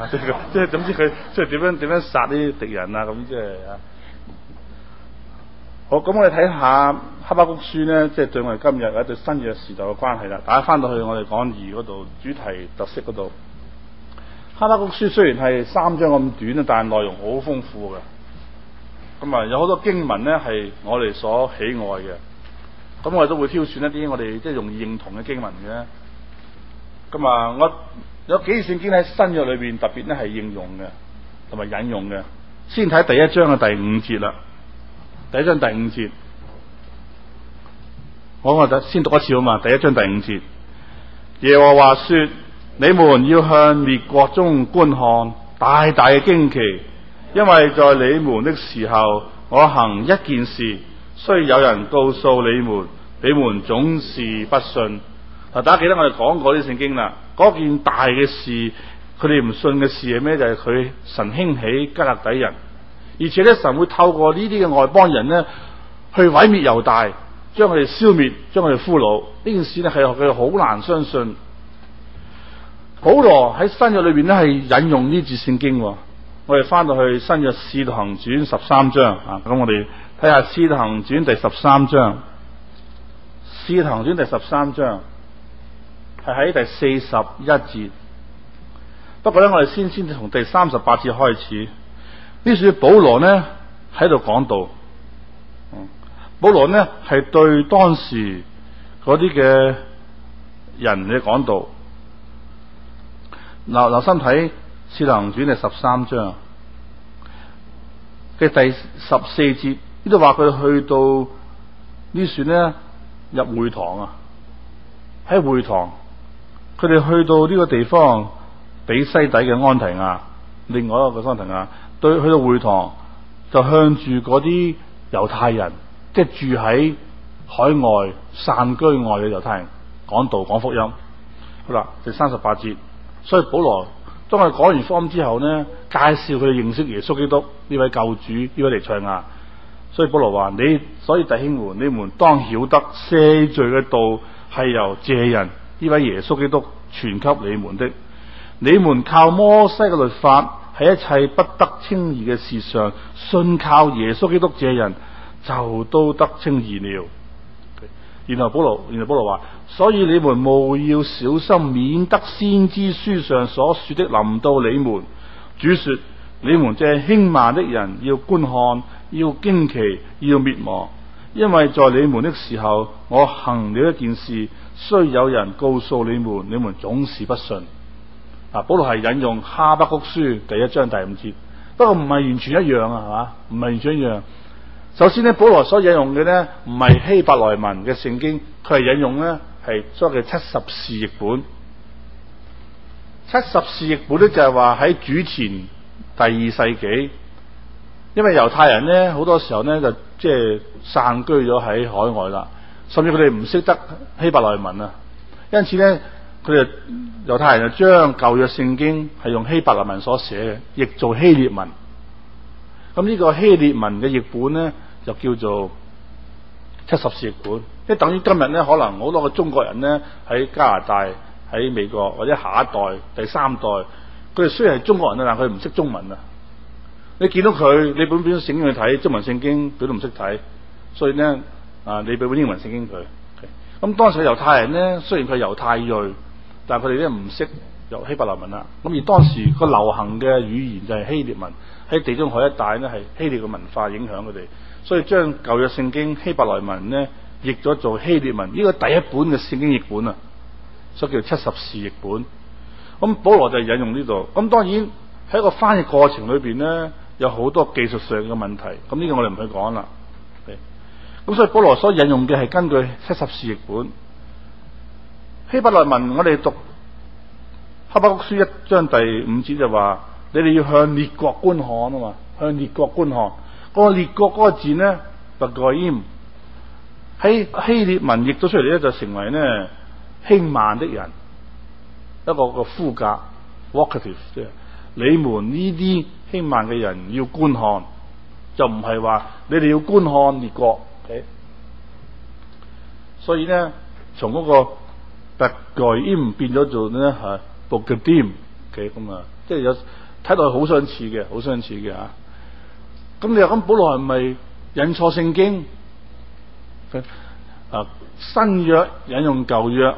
即係點知佢即係點樣點樣殺啲敵人啊咁即係啊。好，咁我哋睇下哈巴谷書咧，即、就、係、是、對我哋今日一對新嘅時代嘅關係啦。大家翻到去我哋講義嗰度主題特色嗰度。哈巴谷書雖然係三章咁短啊，但係內容好豐富嘅。咁啊，有好多經文咧係我哋所喜愛嘅。咁我哋都會挑選一啲我哋即係容易認同嘅經文嘅。咁啊，我有幾段經喺新約裏邊特別咧係應用嘅，同埋引用嘅。先睇第一章嘅第五節啦。第一章第五節，我我先讀一次啊嘛。第一章第五節，耶和華說。你們要向列國中觀看大大嘅驚奇，因為在你們的時候，我行一件事，雖有人告訴你們，你們總是不信。嗱，大家記得我哋講過啲聖經啦，嗰件大嘅事，佢哋唔信嘅事係咩？就係、是、佢神興起迦勒底人，而且咧神會透過呢啲嘅外邦人呢，去毀滅猶大，將佢哋消滅，將佢哋俘虜。呢件事呢，係佢哋好難相信。保羅喺新約裏邊咧係引用呢節聖經，我哋翻到去新約使徒行傳十三章啊，咁我哋睇下使徒行傳第十三章，使徒行傳第十三章係喺第四十一節，不過咧我哋先先至從第三十八節開始，羅呢節保羅呢喺度講道，嗯，保羅呢係對當時嗰啲嘅人嘅講道。嗱，留心睇《使徒行傳》係十三章嘅第十四節，呢度話佢去到呢船咧入會堂啊，喺會堂，佢哋去到呢個地方，彼西底嘅安提阿，另外一個嘅安提阿，對去到會堂就向住嗰啲猶太人，即係住喺海外散居外嘅猶太人講道講福音。好啦，第三十八節。所以保羅當佢講完方之後呢，介紹佢認識耶穌基督呢位救主，呢位彌賽亞。所以保羅話：你所以弟兄們，你們當曉得赦罪嘅道係由借人呢位耶穌基督傳給你們的。你們靠摩西嘅律法喺一切不得稱義嘅事上，信靠耶穌基督借人就都得稱義了。然後保羅，然後保羅話：所以你們務要小心，免得先知書上所說的臨到你們。主說：你們這輕慢的人要觀看，要驚奇，要滅亡，因為在你們的時候，我行了一件事，雖有人告訴你們，你們總是不信。啊，保羅係引用哈巴谷書第一章第五節，不過唔係完全一樣啊，係嘛？唔係完全一樣。首先咧，保羅所引用嘅咧唔係希伯來文嘅聖經，佢係引用咧係所謂嘅七十士譯本。七十士譯本咧就係話喺主前第二世紀，因為猶太人咧好多時候咧就即係、就是、散居咗喺海外啦，甚至佢哋唔識得希伯來文啊，因此咧佢哋猶太人就將舊約聖經係用希伯來文所寫嘅，譯做希列文。咁呢個希列文嘅譯本咧。就叫做七十士譯本，即係等於今日咧。可能好多嘅中國人咧喺加拿大、喺美國或者下一代、第三代，佢哋雖然係中國人啦，但係佢唔識中文啊。你見到佢，你本本聖經去睇中文聖經，佢都唔識睇，所以咧啊，你俾本英文聖經佢。咁當時嘅猶太人咧，雖然佢係猶太裔，但係佢哋都唔識由希伯來文啦。咁而當時個流行嘅語言就係希臘文，喺地中海一帶咧係希臘嘅文化影響佢哋。所以將舊約聖經希伯來文咧譯咗做希列文，呢個第一本嘅聖經譯本啊，所以叫七十士譯本。咁保羅就引用呢度。咁當然喺個翻譯過程裏邊咧，有好多技術上嘅問題。咁呢個我哋唔去講啦。咁所以保羅所引用嘅係根據七十士譯本。希伯來文我哋讀《哈巴谷書》一章第五節就話：你哋要向列國觀看啊嘛，向列國觀看。個、哦、列國嗰個字咧，白蓋煙喺希列文譯咗出嚟咧，就成為咧輕慢的人，一個個呼格 （vocative） 即係你們呢啲輕慢嘅人要觀看，就唔係話你哋要觀看列國。Okay? 所以咧，從嗰個白蓋煙變咗做咧吓，白蓋丁。咁啊，okay? 即係有睇落去好相似嘅，好相似嘅啊。咁你又咁保羅係咪引錯聖經？啊新約引用舊約，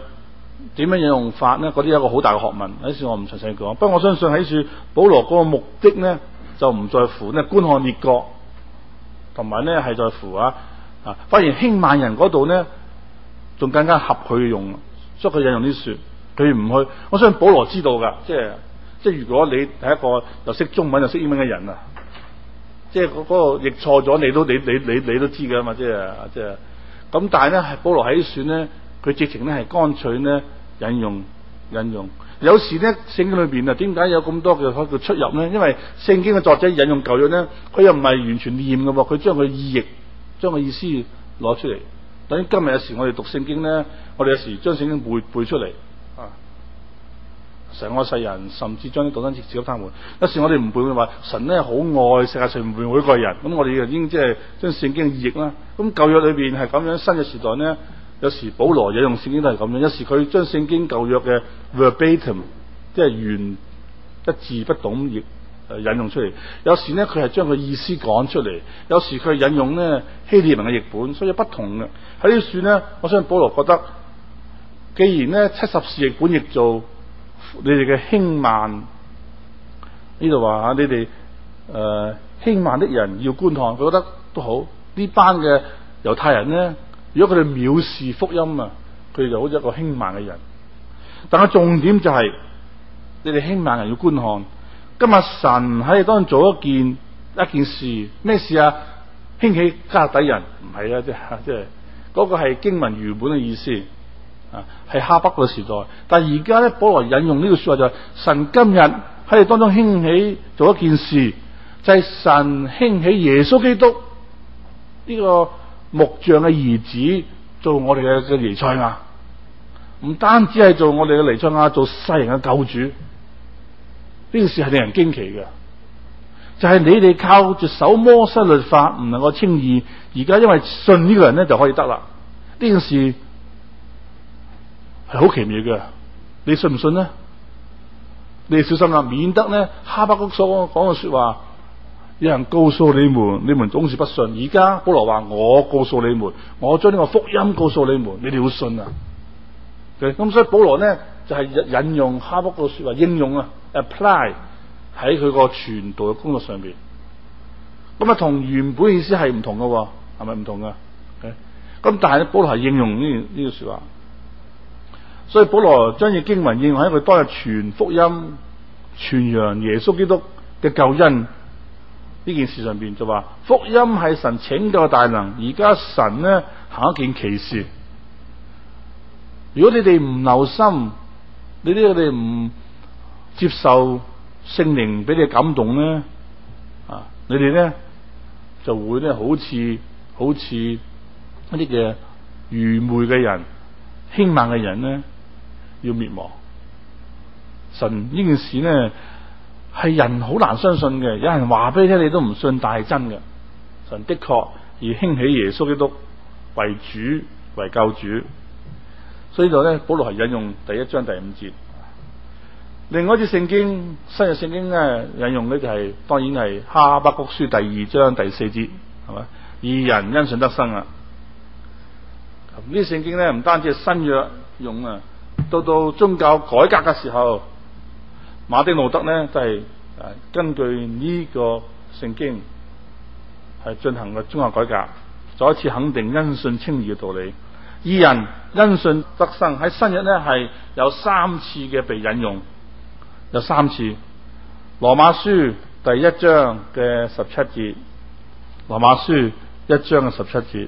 點樣引用法咧？嗰啲有一個好大嘅學問。喺次我唔詳細講。不過我相信喺處保羅嗰個目的咧，就唔在乎咧，觀看列國，同埋咧係在乎啊啊！發現輕慢人嗰度咧，仲更加合佢用，所以佢引用啲書，佢唔去。我相信保羅知道噶，即係即係如果你係一個又識中文又識英文嘅人啊！即係嗰嗰個譯錯咗，你都你你你你都知㗎嘛？即係即係，咁但係咧，係保羅喺選咧，佢直情咧係乾脆咧引用引用。有時咧聖經裏邊啊，點解有咁多嘅所謂出入咧？因為聖經嘅作者引用舊約咧，佢又唔係完全念嘅喎，佢將佢意譯，將佢意思攞出嚟。等於今日有時我哋讀聖經咧，我哋有時將聖經背背出嚟。成個世人，甚至將啲獨生子賜給他換。有時我哋唔會，佢話神咧好愛世界上唔每個人。咁我哋又應即係將聖經意譯啦。咁舊約裏邊係咁樣，新嘅時代呢，有時保羅引用聖經都係咁樣。有時佢將聖經舊約嘅 verbatim，um, 即係原一字不動亦引用出嚟。有時呢，佢係將佢意思講出嚟。有時佢引用呢希臘文嘅譯本，所以不同嘅喺呢算呢，我相信保羅覺得，既然呢七十士譯本譯做。你哋嘅輕慢，呢度話吓你哋誒、呃、輕慢的人要觀看，佢覺得都好。呢班嘅猶太人咧，如果佢哋藐視福音啊，佢哋就好似一個輕慢嘅人。但係重點就係、是，你哋輕慢人要觀看。今日神喺度當做一件一件事，咩事啊？興起迦勒底人，唔係啊，即係即係個係經文原本嘅意思。啊，係哈巴谷嘅時代，但係而家咧，保羅引用呢句說話就係、是、神今日喺你當中興起做一件事，就係、是、神興起耶穌基督呢、這個木匠嘅兒子做我哋嘅嘅彌賽亞，唔單止係做我哋嘅彌賽亞，做世人嘅救主，呢件事係令人驚奇嘅，就係、是、你哋靠住守摩西律法唔能夠稱義，而家因為信呢個人咧就可以得啦，呢件事。係好奇妙嘅，你信唔信呢？你小心啊，免得咧哈巴谷所講嘅說話，有人告訴你們，你們總是不信。而家保羅話：我告訴你們，我將呢個福音告訴你們，你哋會信啊。咁、okay? 嗯、所以保羅咧就係、是、引用哈巴谷嘅說話應用啊，apply 喺佢個傳道嘅工作上邊。咁、嗯、啊，同原本意思係唔同噶，係咪唔同噶？咁、okay? 嗯、但係呢，保羅係應用呢段呢段說話。所以保羅將以經文應用喺佢當日傳福音、傳揚耶穌基督嘅救恩呢件事上邊，就話：福音係神拯救大能，而家神呢行一件奇事。如果你哋唔留心，你哋唔接受聖靈俾你感動呢啊，你哋呢就會呢好似好似一啲嘅愚昧嘅人、輕慢嘅人呢，要滅亡，神呢件事呢係人好難相信嘅，有人話俾你聽，你都唔信。但係真嘅，神的確而興起耶穌基督為主為救主，所以就呢保羅係引用第一章第五節，另外一隻聖經新約聖經呢引用呢就係、是、當然係哈巴谷書第二章第四節係咪？義人因信得生啊，呢聖經呢唔單止係新約用啊。到到宗教改革嘅時候，馬丁路德咧就係、是、誒根據呢個聖經係進行嘅宗教改革，再一次肯定因信稱義嘅道理。義人因信得生喺新約咧係有三次嘅被引用，有三次。羅馬書第一章嘅十七節，羅馬書一章嘅十七節，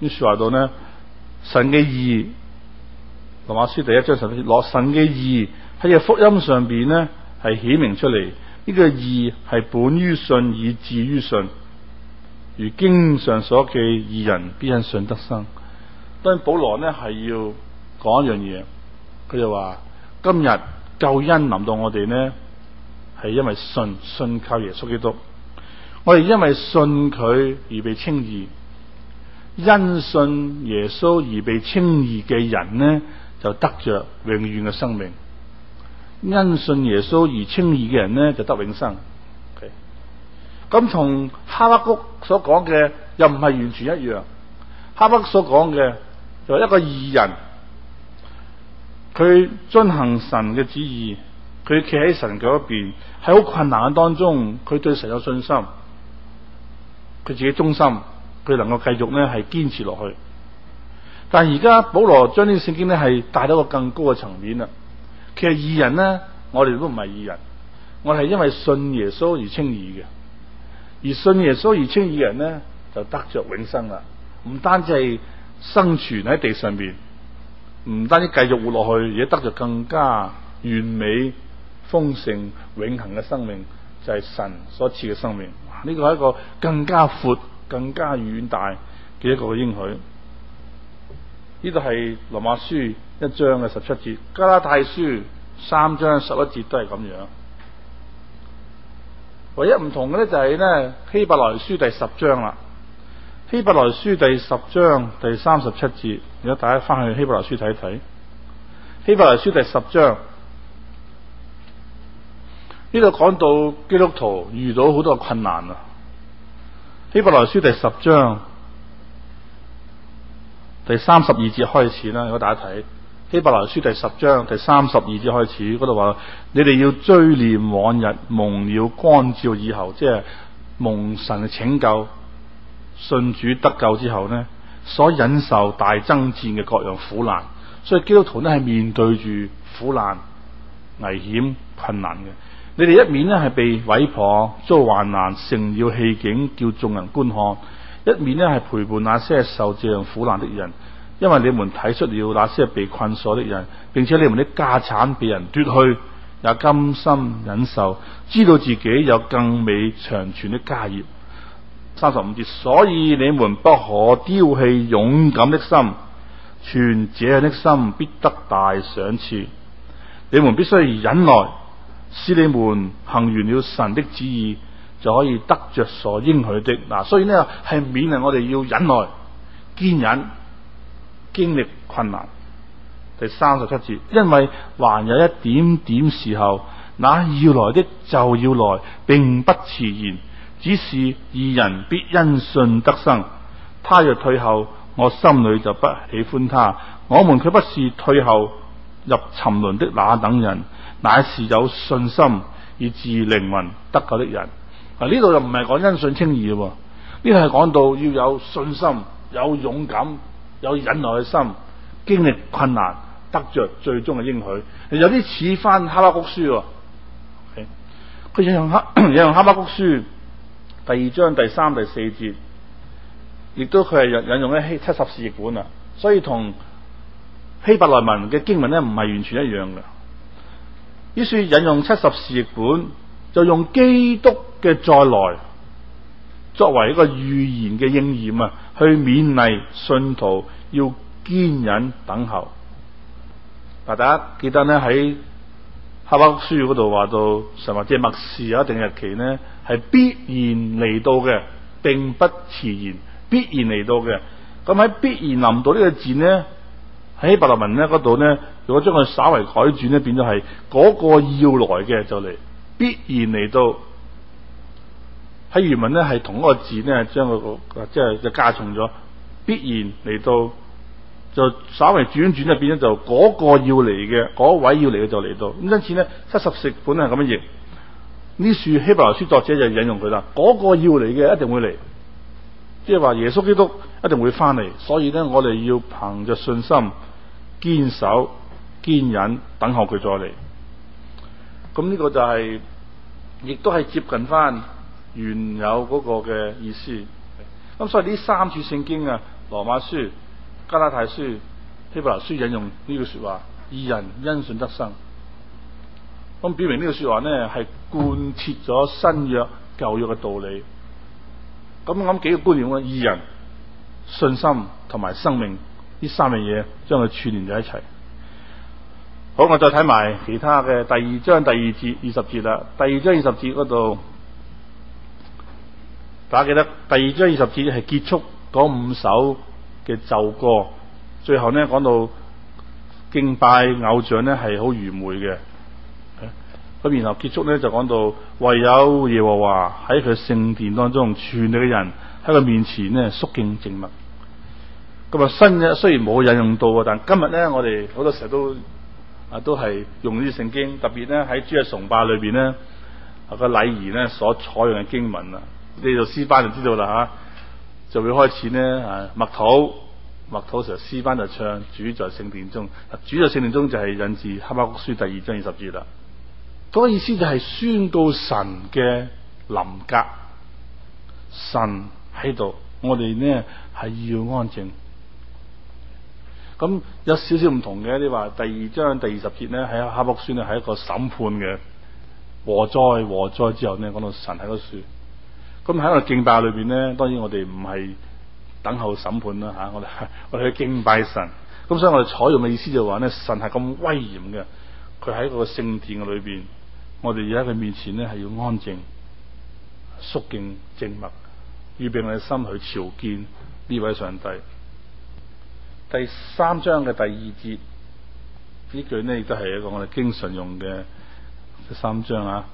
說呢說話到咧神嘅義。羅馬書第一章上邊，神嘅義喺佢嘅福音上邊呢係顯明出嚟呢，這個義係本於信以至於信，如經上所記：義人必因信得生。當然，保羅呢係要講一樣嘢，佢就話：今日救恩臨到我哋呢係因為信，信靠耶穌基督。我哋因為信佢而被稱義，因信耶穌而被稱義嘅人呢，就得着永遠嘅生命，因信耶穌而稱義嘅人呢，就得永生。咁、okay. 同哈巴谷所講嘅又唔係完全一樣，哈巴谷所講嘅就係一個義人，佢遵行神嘅旨意，佢企喺神腳嗰邊，喺好困難嘅當中，佢對神有信心，佢自己忠心，佢能夠繼續呢係堅持落去。但而家保羅將呢個聖經咧係帶到個更高嘅層面啦。其實義人呢，我哋都唔係義人，我係因為信耶穌而稱義嘅。而信耶穌而稱義人呢，就得着永生啦。唔單止係生存喺地上面，唔單止繼續活落去，而得着更加完美、豐盛、永恆嘅生命，就係、是、神所賜嘅生命。呢個係一個更加闊、更加遠大嘅一個嘅應許。呢度係《羅馬書》一章嘅十七節，《加拉太書》三章十一節都係咁樣，唯一唔同嘅咧就係呢《希伯來書》第十章啦，《希伯來書》第十章第三十七節，而家大家翻去《希伯來書》看看睇睇，《希伯來書》第十章呢度講到基督徒遇到好多困難啦，《希伯來書》第十章。第三十二節開始啦，如果大家睇希伯來書第十章第三十二節開始嗰度話，你哋要追念往日蒙了光照以後，即係蒙神嘅拯救，信主得救之後呢，所忍受大爭戰嘅各樣苦難，所以基督徒呢係面對住苦難、危險、困難嘅。你哋一面呢係被毀謗、遭患難，成要戲景叫眾人觀看。一面呢係陪伴那些受這樣苦難的人，因為你們睇出了那些被困鎖的人，並且你們的家產被人奪去也甘心忍受，知道自己有更美長存的家業。三十五節，所以你們不可丟棄勇敢的心，存這樣的心必得大賞賜。你們必須忍耐，使你們行完了神的旨意，就可以得着所應許的。嗱、啊，所以呢係勉勵我哋要忍耐堅忍，經歷困難。第三十七節，因為還有一點點時候，那要來的就要來並不遲延。只是義人必因信得生。他若退後，我心裏就不喜歡他。我們卻不是退後入沉淪的那等人，乃是有信心以致靈魂得救的人。嗱，呢度又唔係講因信稱義嘅，呢度係講到要有信心、有勇敢、有忍耐心，經歷困難得着最終嘅應許。有啲似翻哈巴谷書，佢、okay. 引用哈 引用哈巴谷書第二章第三第四節，亦都佢係引用用希七十士譯本啊，所以同希伯來文嘅經文咧唔係完全一樣嘅。於是引用七十士譯本就用基督。嘅再來，作為一個預言嘅應驗啊，去勉勵信徒要堅忍等候。嗱，大家記得呢，喺《哈巴谷書》嗰度話到神或者默示有一定日期呢，係必然嚟到嘅，並不遲延，必然嚟到嘅。咁喺必然臨到呢個字呢，喺白羅文呢嗰度呢，如果將佢稍為改轉咧，變咗係嗰個要來嘅就嚟必然嚟到。喺原文咧係同一個字咧，將嗰個即係就加重咗，必然嚟到就稍微轉一轉咧，變咗就嗰個要嚟嘅嗰位要嚟嘅就嚟到。咁因此咧七十士本係咁樣譯呢？書，希伯來書作者就引用佢啦，嗰、嗰個要嚟嘅一定會嚟，即係話耶穌基督一定會翻嚟，所以咧我哋要憑着信心堅守、堅忍等候佢再嚟。咁呢個就係、是、亦都係接近翻原有嗰個嘅意思，咁所以呢三處聖經啊，《羅馬書》、《加拉太書》、《希伯來書》引用呢句說話：義人因信得生。咁表明呢句說話呢係貫徹咗新約舊約嘅道理。咁我諗幾個觀念喎，義人、信心、同埋生命呢三樣嘢將佢串聯咗一齊。好，我再睇埋其他嘅第二章第二節二十節啦。第二章二十節嗰度。大家記得第二章二十節係結束嗰五首嘅咒歌，最後呢，講到敬拜偶像呢係好愚昧嘅。咁然後結束呢，就講到唯有耶和華喺佢聖殿當中全地嘅人喺佢面前呢肅敬靜默。咁啊新嘅雖然冇引用到啊，但今日呢，我哋好多時候都啊都係用呢啲聖經，特別呢喺主日崇拜裡邊呢個禮儀呢,禮儀呢所採用嘅經文啊。你做詩班就知道啦嚇、啊，就會開始咧嚇。默禱，默禱時候詩班就唱主在聖殿中，主在聖殿中就係引自哈巴谷書第二章二十節啦。嗰個意思就係宣告神嘅臨格，神喺度，我哋呢係要安靜。咁有少少唔同嘅，你話第二章第二十節咧喺哈巴谷書咧係一個審判嘅，禍哉禍哉之後呢，講到神喺個書。咁喺個敬拜裏邊咧，當然我哋唔係等候審判啦吓、啊，我哋我哋去敬拜神。咁所以我哋採用嘅意思就係話咧，神係咁威嚴嘅，佢喺個聖殿嘅裏邊，我哋要喺佢面前咧係要安靜、肅敬、靜默，預備我哋心去朝見呢位上帝。第三章嘅第二節，呢句呢亦都係一個我哋經常用嘅。第三章啊。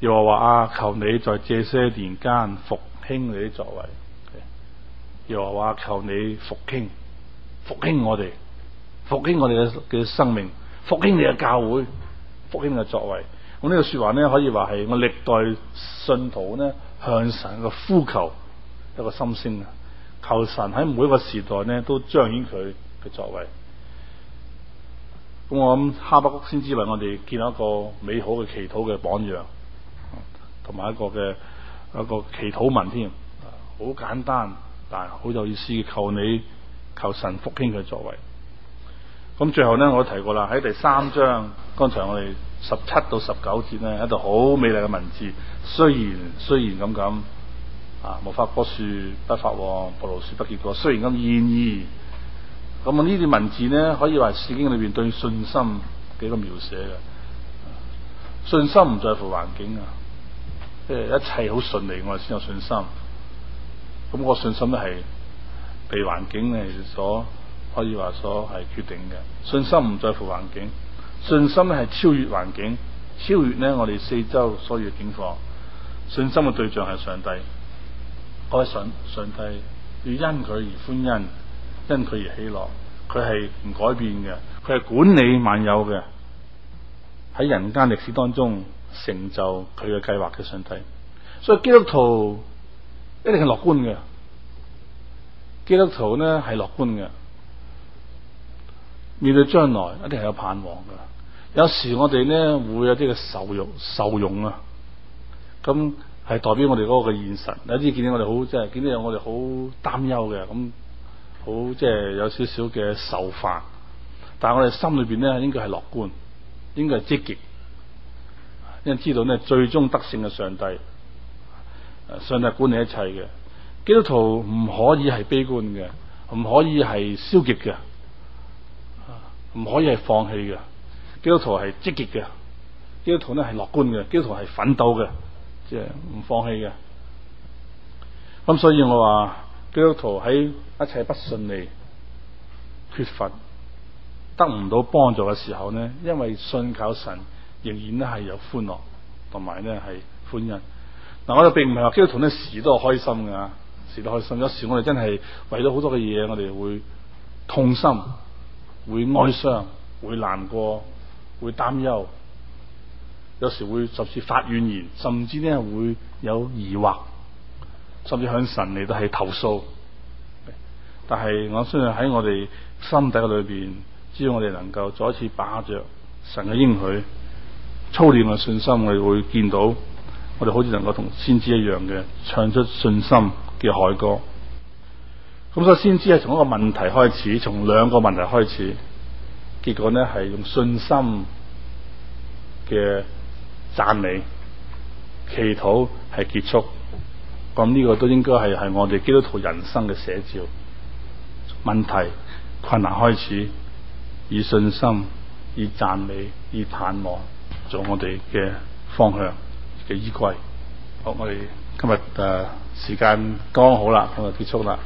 又話話啊，求你在這些年間復興你啲作為；又話話求你復興復興我哋，復興我哋嘅嘅生命，復興你嘅教會，復興你嘅作為。咁呢個說話咧，可以話係我歷代信徒呢向神嘅呼求一個心聲啊！求神喺每一個時代呢都彰顯佢嘅作為。咁我諗哈巴谷先知為我哋見到一個美好嘅祈禱嘅榜樣。同埋一個嘅，一個祈禱文添，好、啊、簡單，但係好有意思，求你求神復興佢作為。咁最後呢，我提過啦，喺第三章剛才我哋十七到十九節呢，喺度好美麗嘅文字，雖然雖然咁咁啊，無花果樹不發，葡萄樹不結果，雖然咁然而，咁啊呢啲文字呢，可以話聖經裏邊對信心幾個描寫嘅、啊，信心唔在乎環境啊。即係一切好順利，我哋先有信心。咁我信心咧係被環境咧所可以話所係決定嘅。信心唔在乎環境，信心咧係超越環境，超越咧我哋四周所有嘅境況。信心嘅對象係上帝，該信上，上帝要因佢而歡欣，因佢而喜樂。佢係唔改變嘅，佢係管理萬有嘅。喺人間歷史當中，成就佢嘅計劃嘅上帝，所以基督徒一定係樂觀嘅。基督徒呢係樂觀嘅，面對將來一定係有盼望嘅。有時我哋呢會有啲嘅受辱受辱啊，咁係代表我哋個嘅現實，有啲見到我哋好即係見到我、就是、有我哋好擔憂嘅，咁好即係有少少嘅受患。但係我哋心裏邊呢應該係樂觀，應該係積極。因知道呢，最終得勝嘅上帝，上帝管理一切嘅。基督徒唔可以係悲觀嘅，唔可以係消極嘅，唔可以係放棄嘅。基督徒係積極嘅，基督徒呢係樂觀嘅，基督徒係奮鬥嘅，即係唔放棄嘅。咁所以我話，基督徒喺一切不順利、缺乏、得唔到幫助嘅時候呢，因為信靠神。仍然咧，係有歡樂，同埋咧，係歡欣。嗱，我哋並唔係話基督徒咧，時都係開心噶，時都開心。有時我哋真係為咗好多嘅嘢，我哋會痛心，會哀傷，會難過，會擔憂。有時會甚至發怨言，甚至咧會有疑惑，甚至向神嚟到係投訴。但係我相信喺我哋心底裏邊，只要我哋能夠再一次把握着神嘅應許。操練嘅信心，我哋會見到我哋好似能夠同先知一樣嘅唱出信心嘅凱歌。咁所以先知係從一個問題開始，從兩個問題開始，結果咧係用信心嘅讚美、祈禱係結束。咁呢個都應該係係我哋基督徒人生嘅寫照。問題困難開始，以信心、以讚美、以盼望，做我哋嘅方向嘅依歸，好，我哋今日誒、呃、時間剛好啦，咁就結束啦。